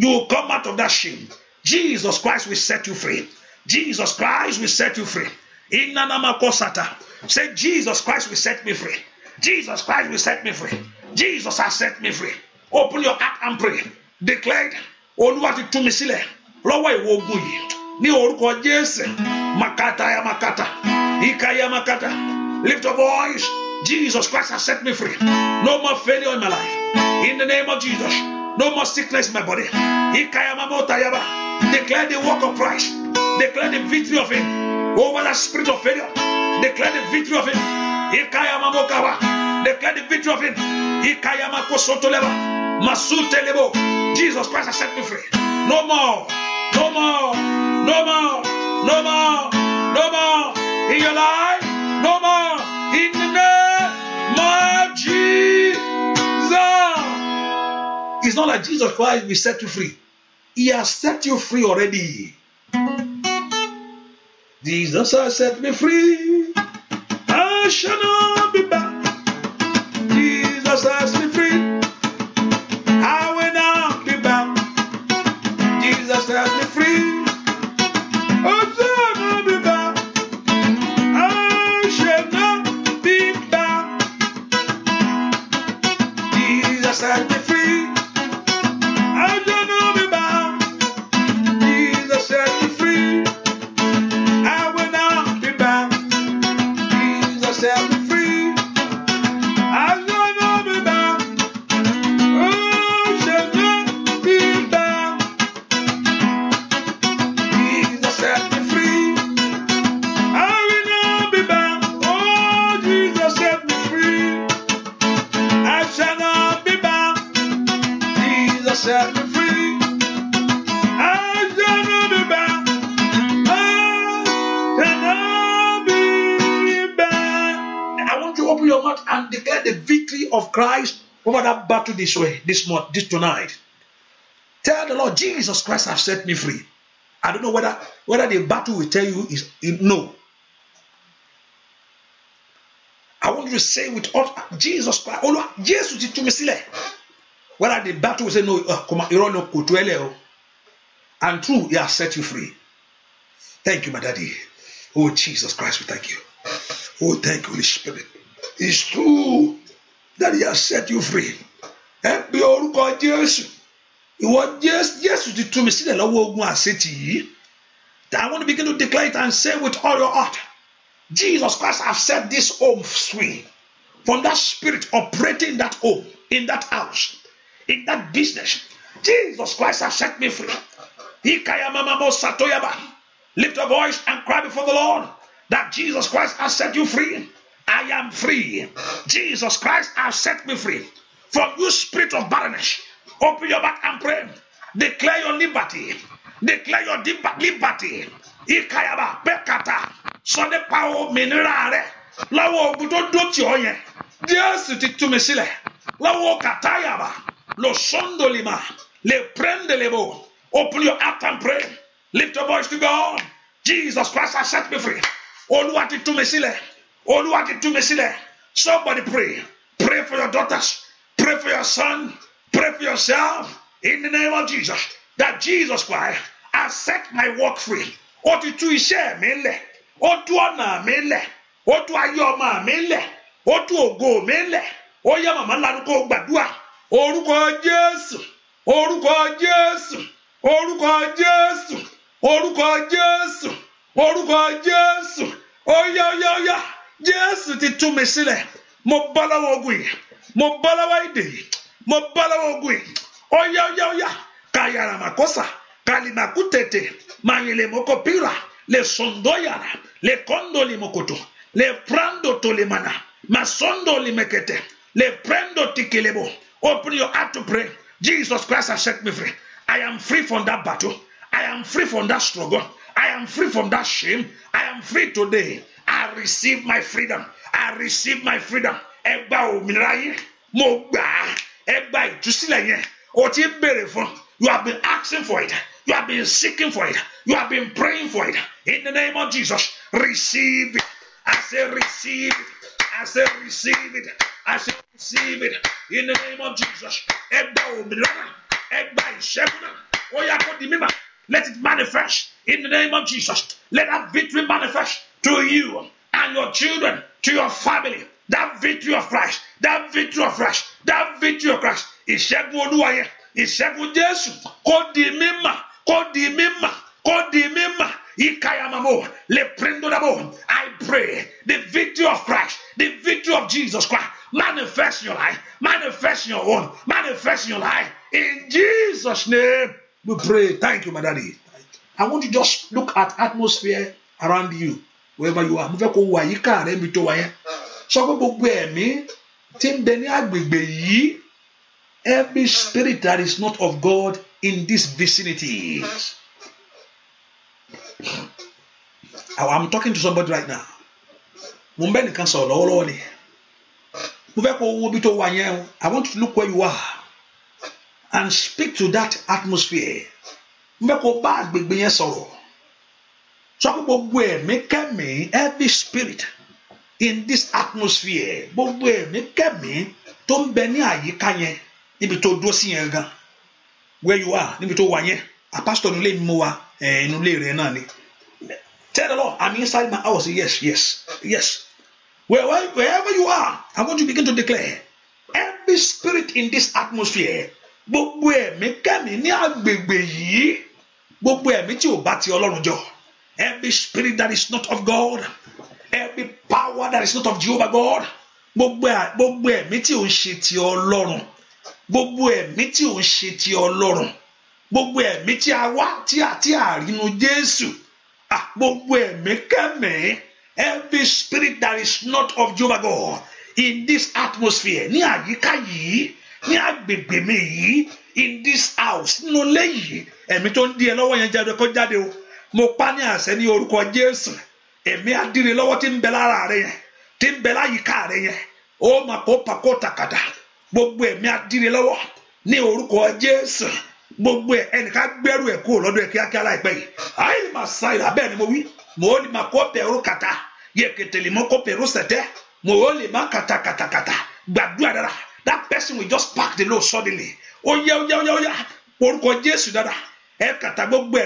you will come out of that shame. Jesus Christ will set you free. Jesus Christ will set you free. Inanamakosata. Say, Jesus Christ will set me free. Jesus Christ will set me free. Jesus has set me free. Open your heart and pray. Declared. Olúwa tumisile. tú mi sílẹ̀ Ni oruko ogun Makata ya makata. Ika ya makata. Lift your voice. Jesus Christ has set me free. No more failure in my life. In the name of Jesus. No more sickness in my body. Declare the work of Christ. Declare the victory of Him over the spirit of failure. Declare the victory of Him. Declare the victory of Him. Jesus Christ has set me free. No more. No more. No more. No more. No more. In your life. No more. In It's not like Jesus Christ will set you free. He has set you free already. Jesus has set me free. I shall know. this way, this month, this tonight. Tell the Lord, Jesus Christ have set me free. I don't know whether whether the battle will tell you is no. I want you to say with all Jesus Christ, oh Lord, Jesus, ti to me sílẹ̀. Whether the battle will say no, uh, kòmá irọ́ ni kò tó ẹ And true, he has set you free. Thank you, my daddy. Oh, Jesus Christ, we thank you. Oh, thank you, Holy Spirit. It's true that he has set you free. ẹ pe orúkọ jésù ìwọ jésù ti tú mi sílẹ̀ lọ́wọ́ ogun àṣetì yìí that I want to begin to declare it and say with all your heart Jesus Christ have set this home free from that spirit operating that home in that house in that business Jesus Christ have set me free satoyaba. lift your voice and cry before the Lord that Jesus Christ has set you free I am free Jesus Christ has set me free. From you, spirit of barrenness, open your mouth and pray. Declare your liberty. Declare your liberty. Ikayaba, Bekata, Sọdẹ pa òmìnira rẹ lọ́wọ́ ogun tó dọ̀tí ọ yẹn. Jésù ti tú mi sílẹ̀ lọ́wọ́ kàtáyàbá lọ sọ́ndọ̀lìmà lè lebo. Open your heart and pray. Lift your voice to God. Jesus Christ has set me free. Olúwa ti tú mi sílẹ̀. Olúwa ti tú Somebody pray. Pray for your daughters. Pray for your son. Pray for yourself. In the name of Jesus. That Jesus Christ has set my work free. Ó ti tú iṣẹ́ mi lẹ̀. Ó tú ọ̀nà mi lẹ̀. Ó tú ayé ọmọ mi lẹ̀. Ó tú ògo mi lẹ̀. Ó yẹ màmá lanu kó gbàdúrà. Orúkọ Jésù. Orúkọ Jésù. Orúkọ Jésù. Orúkọ Jésù. Orúkọ Jésù. Ó yá ó Jésù ti tú mi sílẹ̀. Mo bọ́ lọ́wọ́ ogun yìí mo bọ́ ìdè mo bọ́ ogun yìí ọ̀yá ọ̀yá ọ̀yá kàyàrà màkọ́sà kàlìmàkú tètè màyìnlè mọ́kọ́ pírà lè sọ̀ndọ́ yàrá lè kọ́ńdọ̀ lè mọ̀kòtò lè prando tó lè mànà màsọ́ndọ̀ lè mẹ̀kẹ̀tẹ̀ lè prendo tìkìlẹ̀bọ̀ open your heart to pray Jesus Christ has set me free I am free from that battle I am free from that struggle I am free from that shame I am free today I receive my freedom I receive my freedom. ẹ gba òmìnira yín mo gbà á ẹ gba ìtúsílẹ̀ yẹn o ti béèrè fún you have been asking for it you have been seeking for it you have been praying for it in the name of Jesus receive it I say receive it I say receive it I say receive it in the name of Jesus ẹ òmìnira náà ẹ gba ìṣẹ́gun let it manifest in the name of Jesus let that victory manifest to you and your children to your family that victory of Christ that victory of Christ that victory of Christ ìṣẹ́gun olúwa yẹn ìṣẹ́gun Jésù kó di mímọ̀ kó di mímọ̀ kó di mímọ̀ ikayamamo leprindodabo I pray the victory of Christ the victory of Jesus Christ manifest your life manifest your own. manifest your life in Jesus name we pray thank you my daddy I want you just look at atmosphere around you wherever you are mo fẹ́ kó wo àyíká rẹ mi tó wáyé sọ pé gbogbo ẹ̀mí tí ń bẹ ní agbègbè yìí every spirit that is not of God in this vicinity. I'm talking to somebody right now. Mo ń bẹ́ nìkan sọ̀rọ̀ lọ́wọ́lọ́wọ́ ni. Mo fẹ́ kó owó bí tó wà yẹn I want to look where you are and speak to that atmosphere. Mo fẹ́ kó bá agbègbè yẹn sọ̀rọ̀. Sọ pé gbogbo ẹ̀mí kẹ́mi every spirit in this atmosphere gbogbo ẹ̀mí kẹ́mí tó ń bẹ ní àyíká yẹn níbi tó dúró sí yẹn gan where you are níbi tó wà yẹn àpásítọ̀ nílé mi mo wà inú ilé rẹ̀ náà ni tell the Lord I'm inside my house yes yes yes Where, wherever you are I want you begin to declare every spirit in this atmosphere gbogbo ẹ̀mí kẹ́mí ní agbègbè yìí gbogbo ẹ̀mí tí ò bá ti Ọlọ́run jọ every spirit that is not of God every power that is not of Jehovah God gbogbo ẹ̀mí tí ò ń ṣe ti ọlọ́run gbogbo ẹ̀mí tí ò ń ṣe ti ọlọ́run gbogbo ẹ̀mí tí a wá tí àti àrínú Jésù gbogbo ẹ̀mí kẹ́mí every spirit that is not of Jehovah God in this atmosphere ní àyíká yìí ní agbègbè mi yìí in this house nínú ilé yìí ẹ̀mí tó ń di ẹ lọ́wọ́ yẹn jáde kó jáde o mo pa ní àṣẹ ní orúkọ Jésù emi adìrẹ lọ́wọ́ tí ń bẹ lára rẹ yẹn tí ń bẹ láyìíká rẹ yẹn ó gbogbo ẹ̀mí adìrẹ lọ́wọ́ ní orúkọ Jésù gbogbo ẹ ẹnìkan gbẹrù ẹ kúrò lọ́dọ̀ ẹ kíákíá láìpẹ́ yìí àyè mà sa ni mo wí mò kàtà kó mò ó that person will just park the suddenly ó yá ó yá ó yá ẹ kàtà gbogbo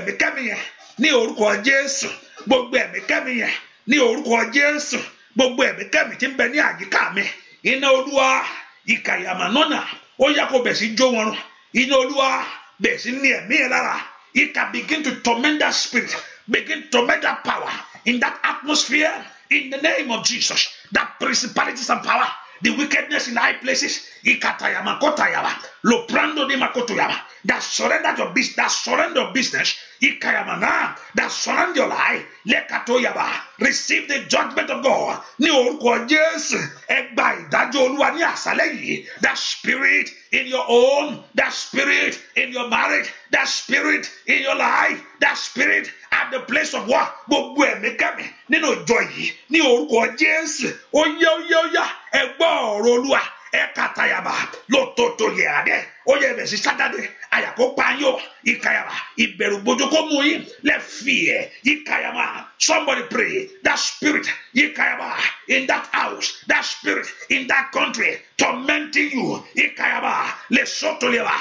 gbogbo ẹ̀mí kẹ́mi yẹn ní orúkọ Jésù gbogbo ẹ̀mí kẹ́mi tí ń bẹ ní àyíká mi iná olúwa ìkàyàmà nọ́nà ó yá kó bẹ̀ sí jó wọn rùn iná olúwa bẹ̀ sí ní ẹ̀mí ẹ̀ lára ìkà begin to torment that spirit begin to torment that power in that atmosphere in the name of Jesus that principalities and power the wickedness in high places ìkàtàyàmà kọ́tàyàmà. Loprando de Makotoyama. That surrender your business, that surrender your business, Ikayamana, that surrender your life, yaba. Receive the judgment of God. Ni orúkọ Jésù, ẹ gba ìdájọ́ Olúwa ní That spirit in your home, that spirit in your marriage, that spirit in your life, that spirit at the place of work. Gbogbo ẹ̀mí kẹ́mi nínú ìjọ yìí Ni orúkọ Jésù. Oya oya oya. yá ó yá ẹ kàtàyàbà lóòótọ́ tó yẹ adé ó yẹ bẹ̀ sí àyà kó pa yín o ìkàyàmà ìbẹ̀rù bójú let fear ìkàyàmà somebody pray that spirit ìkàyàmà in that house that spirit in that country tormenting you ìkàyàmà lè sọ́tò lè wà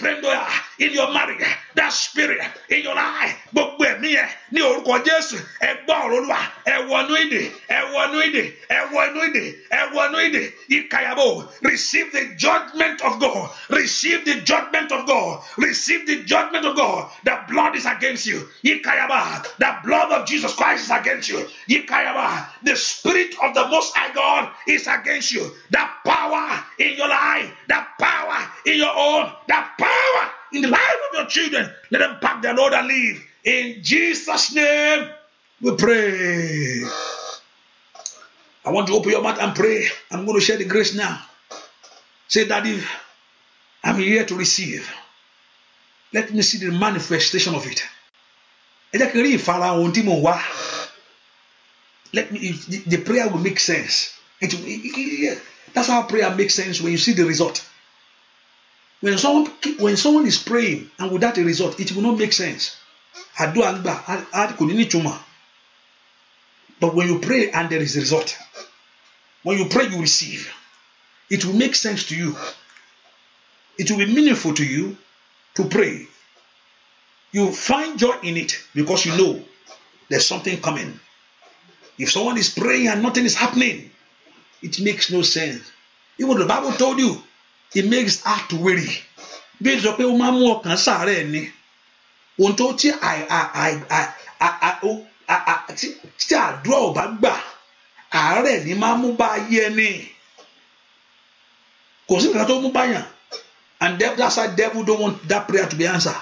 prendo yà in your marriage that spirit in your life gbogbo ẹ̀mí yẹn ní orúkọ Jésù ẹ gbọ́ ọ̀rọ̀ Olúwa ẹ wọnú ìdè ẹ wọnú ìdè ẹ wọnú ìdè ẹ wọnú ìdè ìkàyàmà receive the judgment of God receive the judgment of God. Receive the judgment of God. The blood is against you. Yikayaba. The blood of Jesus Christ is against you. Yikayaba. The spirit of the Most High God is against you. The power in your life, the power in your own, the power in the life of your children. Let them pack their load and leave. In Jesus' name, we pray. I want to open your mouth and pray. I'm going to share the grace now. Say, Daddy, I'm here to receive. Let me see the manifestation of it. Exactly, Father, I want rí ìfarahàn ohun Let me the, prayer will make sense. It, it, it, that's how prayer makes sense when you see the result. When someone when someone is praying and without a result, it will not make sense. But when you pray and there is a result, when you pray, you receive. It will make sense to you. It will be meaningful to you to pray. You find joy in it because you know there's something coming. If someone is praying and nothing is happening, it makes no sense. Even the Bible told you, it makes heart weary. Bí ìjọ pé ó máa mú ọkàn sàárẹ̀ ni, ohun tó tí àdúrà ò bá gbà, àárẹ̀ ni máa mú bá ayé ẹni. Kò sí nǹkan tó mú báyàn. And that's why devil don't want that prayer to be answered.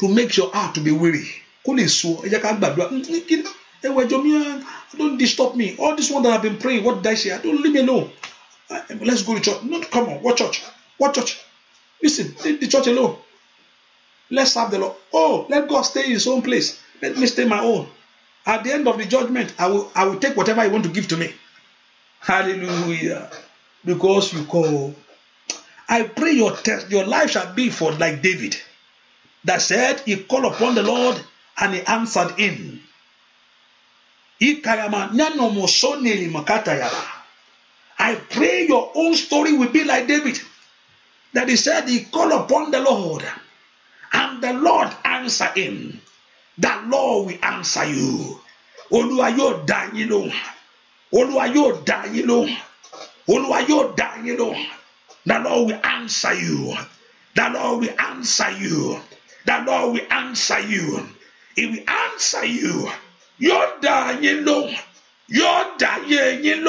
To make your heart to be weary. Kó lè so ẹ jẹ́ ká gbàdúrà ẹ wọ ẹjọ́ mi don't disturb me all this one that I've been praying what did I say I don't leave me alone let's go to church no come on what church what church listen leave the church alone let's serve the Lord oh let God stay in his own place let me stay my own at the end of the judgment I will I will take whatever he want to give to me hallelujah because you call I pray your test, your life shall be for like David, that said, He called upon the Lord and He answered him. I pray your own story will be like David, that he said he called upon the Lord, and the Lord answered him. That Lord will answer you. Olúwa yóò dá yín lóhùn. Olúwa yóò dá yín lóhùn. Olúwa yóò the Lord will answer you. The Lord will answer you. The Lord will answer you. He will answer you. You dá yín lóhùn. you dá yé yín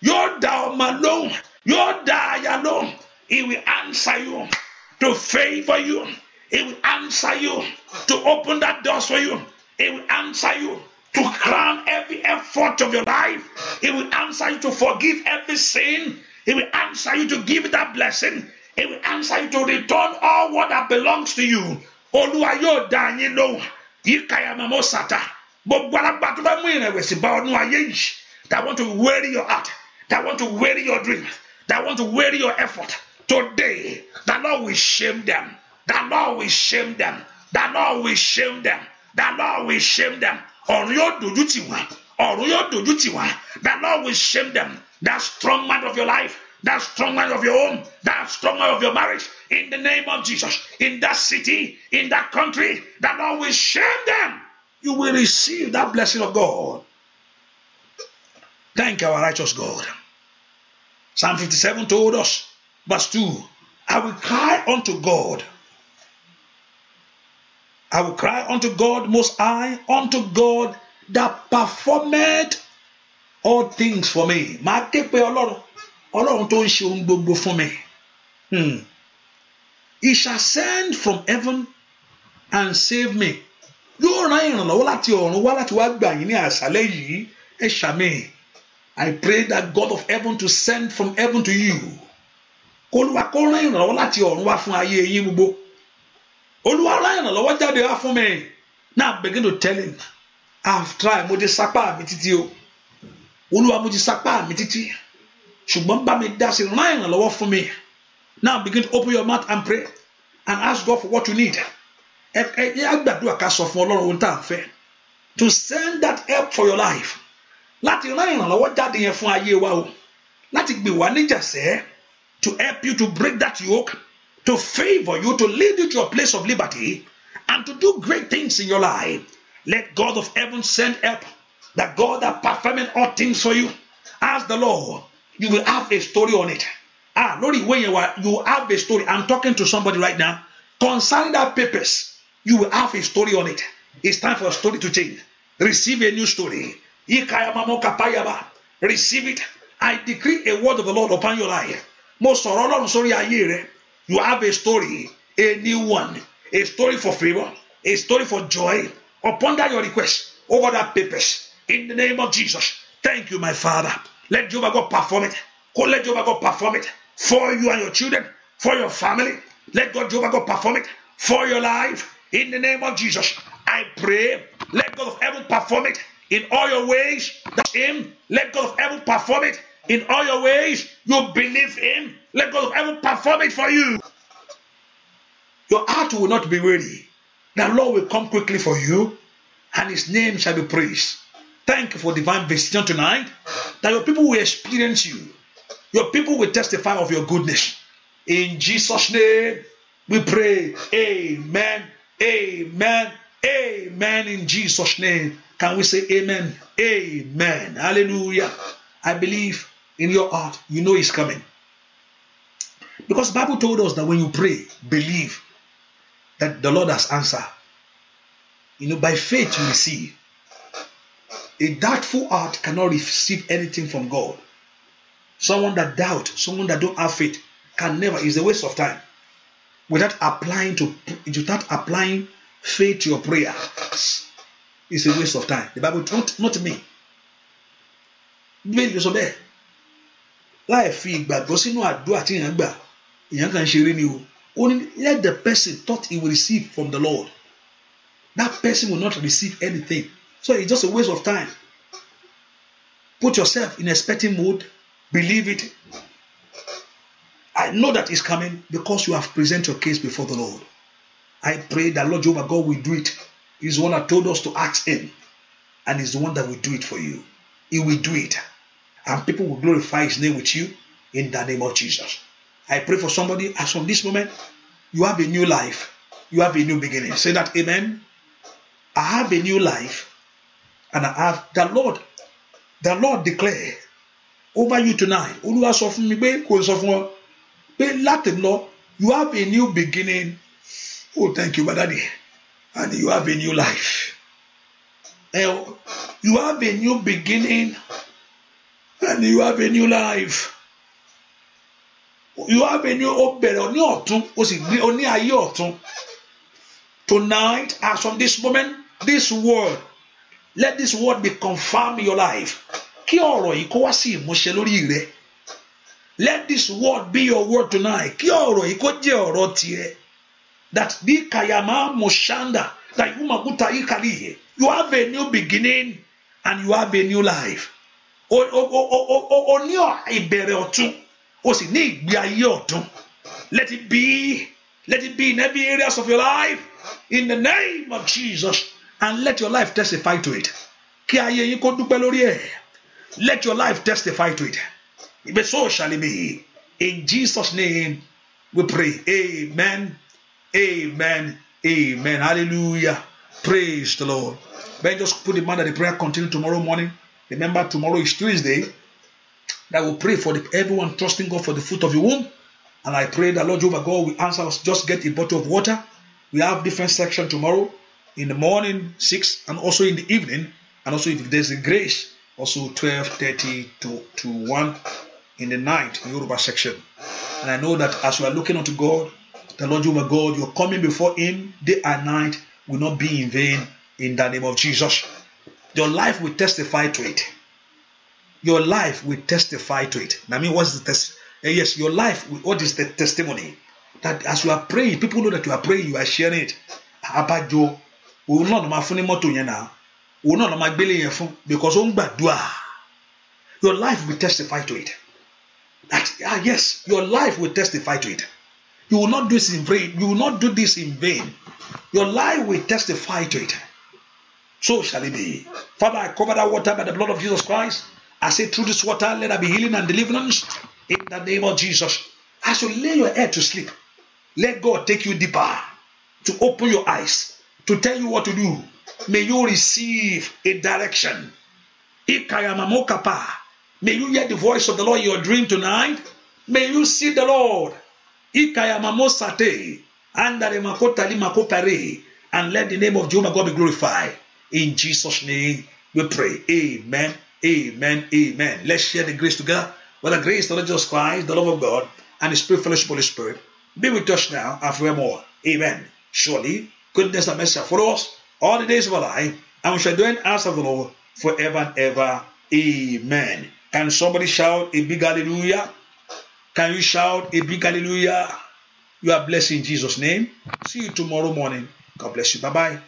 you Yóò die alone. you Yóò dá alone. He will answer you to favor you. He will answer you to open that doors for you. He will answer you to crown every effort of your life. He will answer you to forgive every sin. He will answer you to give that blessing. He will answer you to return all what that belongs to you. Olúwa yóò dá yín lóhùn. Yìí kàyà màmá sàtà. Gbogbo alágbá tó mú ìrẹ̀wẹ̀sì bá ọdún ayé That want to weary your heart. That want to weary your dreams. That want to weary your effort. Today, the Lord will shame them. The Lord will shame them. The Lord will shame them. The Lord will shame them. Ọ̀run yóò dojú ọ̀run yóò dojú tì wá that Lord will shame them that strong man of your life that strong man of your home, that strong man of your marriage, in the name of Jesus, in that city, in that country, that Lord will shame them. You will receive that blessing of God. Thank our righteous God. Psalm 57 told us, verse 2 I will cry unto God. I will cry unto God most high, unto God that performed all things for me màá ké pe ọlọ́run ọlọ́run tó ń ṣe ohun gbogbo fún mi hmm. he shall send from heaven and save me yóò rán ìrànlọ́wọ́ láti ọ̀run wá láti wá gbà yín ní àṣálẹ́ yìí ẹ ṣàmì I pray that God of heaven to send from heaven to you olúwa kó rán ìrànlọ́wọ́ láti ọ̀run wá fún ayé yín gbogbo olúwa rán ìrànlọ́wọ́ jáde wá fún mi now begin to tell him i've tried mo ti sapá mi títí o olúwa mo ti sapá mi títí ṣùgbọ́n bá mi dá sí rán ìrànlọ́wọ́ fún mi now begin to open your mouth and pray and ask God for what you need ẹ ẹ ẹ àgbàdua ká sọ fún ọlọ́run ohun tá à ń fẹ́ to send that help for your life láti rán ìrànlọ́wọ́ jáde yẹn fún ayé wa o láti gbè wá níjà sẹ́ẹ́ to help you to break that yoke to favour you to lead you to a place of liberty and to do great things in your life. Let God of heaven send help. That God that performing all things for you. Ask the Lord. You will have a story on it. Ah, Lord, when you are you have a story. I'm talking to somebody right now. Concerning that purpose, you will have a story on it. It's time for a story to change. Receive a new story. Receive it. I decree a word of the Lord upon your life. You have a story, a new one, a story for favor, a story for joy, upon that your request over that papers in the name of Jesus. Thank you, my Father. Let Jehovah God perform it. Oh, let Jehovah God perform it for you and your children, for your family. Let God Jehovah God perform it for your life in the name of Jesus. I pray. Let God of heaven perform it in all your ways. That's Him. Let God of heaven perform it in all your ways. You believe Him. Let God of heaven perform it for you. Your heart will not be weary. The Lord will come quickly for you, and his name shall be praised. Thank you for divine visitation tonight. That your people will experience you. Your people will testify of your goodness. In Jesus' name, we pray. Amen. Amen. Amen. In Jesus' name. Can we say amen? Amen. Hallelujah. I believe in your heart, you know he's coming. Because Bible told us that when you pray, believe that the Lord has answered. You know, by faith you will see. A doubtful heart cannot receive anything from God. Someone that doubt, someone that don't have faith, can never. It's a waste of time. Without applying to, without applying faith to your prayer, it's a waste of time. The Bible not not me. Bíbélì sọ bẹ́ẹ̀ láì fi ìgbàgbọ́ sínú àdúrà tí èèyàn gbà èèyàn kàn ń ṣeré ni o. Only let the person thought he will receive from the Lord. That person will not receive anything. So it's just a waste of time. Put yourself in expecting mood, believe it. I know that it's coming because you have presented your case before the Lord. I pray that Lord Jehovah God will do it. He's the one that told us to ask Him, and He's the one that will do it for you. He will do it, and people will glorify His name with you in the name of Jesus. I pray for somebody as from this moment, you have a new life. You have a new beginning. Say that, Amen. I have a new life, and I have the Lord. The Lord declare over you tonight. Olúwa sọ fún mi pé kò you have a new beginning. Oh, thank you, my daddy. And you have a new life. You have a new beginning, and you have a new life. Yoabe ni ó bẹ̀rẹ̀ ní ọ̀tún ó sì gbé ó ní ayé ọ̀tún. Tonight, as from this moment, this word, let this word be confirmed in your life. Kí ọ̀rọ̀ yìí kó wá sí ìmúṣẹ lórí rẹ. Let this word be your word tonight. Kí ọ̀rọ̀ yìí kó jẹ́ ọ̀rọ̀ tiẹ̀. That bí Kayama Moshanda, that Yumakuta Ikariye, you have a new beginning and you have a new life. O ní ìbẹ̀rẹ̀ ọ̀tún. in sì ní ìgbé ayé ọ̀dún let it be let it be in every areas of your life in the name of Jesus and let your life testify to it kí ayé yín kó dúpẹ́ lórí ẹ̀ let your life testify to it ibe so shall it be in Jesus name we pray amen amen amen hallelujah praise the Lord then just put the man that the prayer continue tomorrow morning remember tomorrow is Tuesday that will pray for the, everyone trusting God for the fruit of your womb. And I pray that Lord Jehovah God will answer us. Just get a bottle of water. We have different section tomorrow in the morning, 6, and also in the evening. And also if there's a grace, also 12.30 to, to 1 in the night, Yoruba section. And I know that as we are looking unto God, the Lord Jehovah God, your coming before Him day and night will not be in vain in the name of Jesus. Your life will testify to it. your life will testify to it. I mean, what's the test? Uh, yes, your life, what is the testimony? That as you are praying, people know that you are praying, you are sharing it. Abájọ, òun náà ló máa fún ní now. We will not náà ló máa gbélé yẹn fún because ó ń gbàdúrà. Your life will testify to it. That, ah, yes, your life will testify to it. You will not do this in vain. You will not do this in vain. Your life will testify to it. So shall it be. Father, I cover that water by the blood of Jesus Christ. I say, through this water, let there be healing and deliverance in the name of Jesus. As you lay your head to sleep, let God take you deeper to open your eyes, to tell you what to do. May you receive a direction. May you hear the voice of the Lord in your dream tonight. May you see the Lord. And let the name of Jehovah God be glorified. In Jesus' name we pray. Amen. Amen. Amen. Let's share the grace together. Well, the grace of the Lord Jesus Christ, the love of God, and the spirit fellowship of the Spirit be with us now and forevermore. Amen. Surely, goodness and mercy for follow us all the days of our life, and we shall do in the of the Lord forever and ever. Amen. Can somebody shout a big hallelujah? Can you shout a big hallelujah? You are blessed in Jesus' name. See you tomorrow morning. God bless you. Bye bye.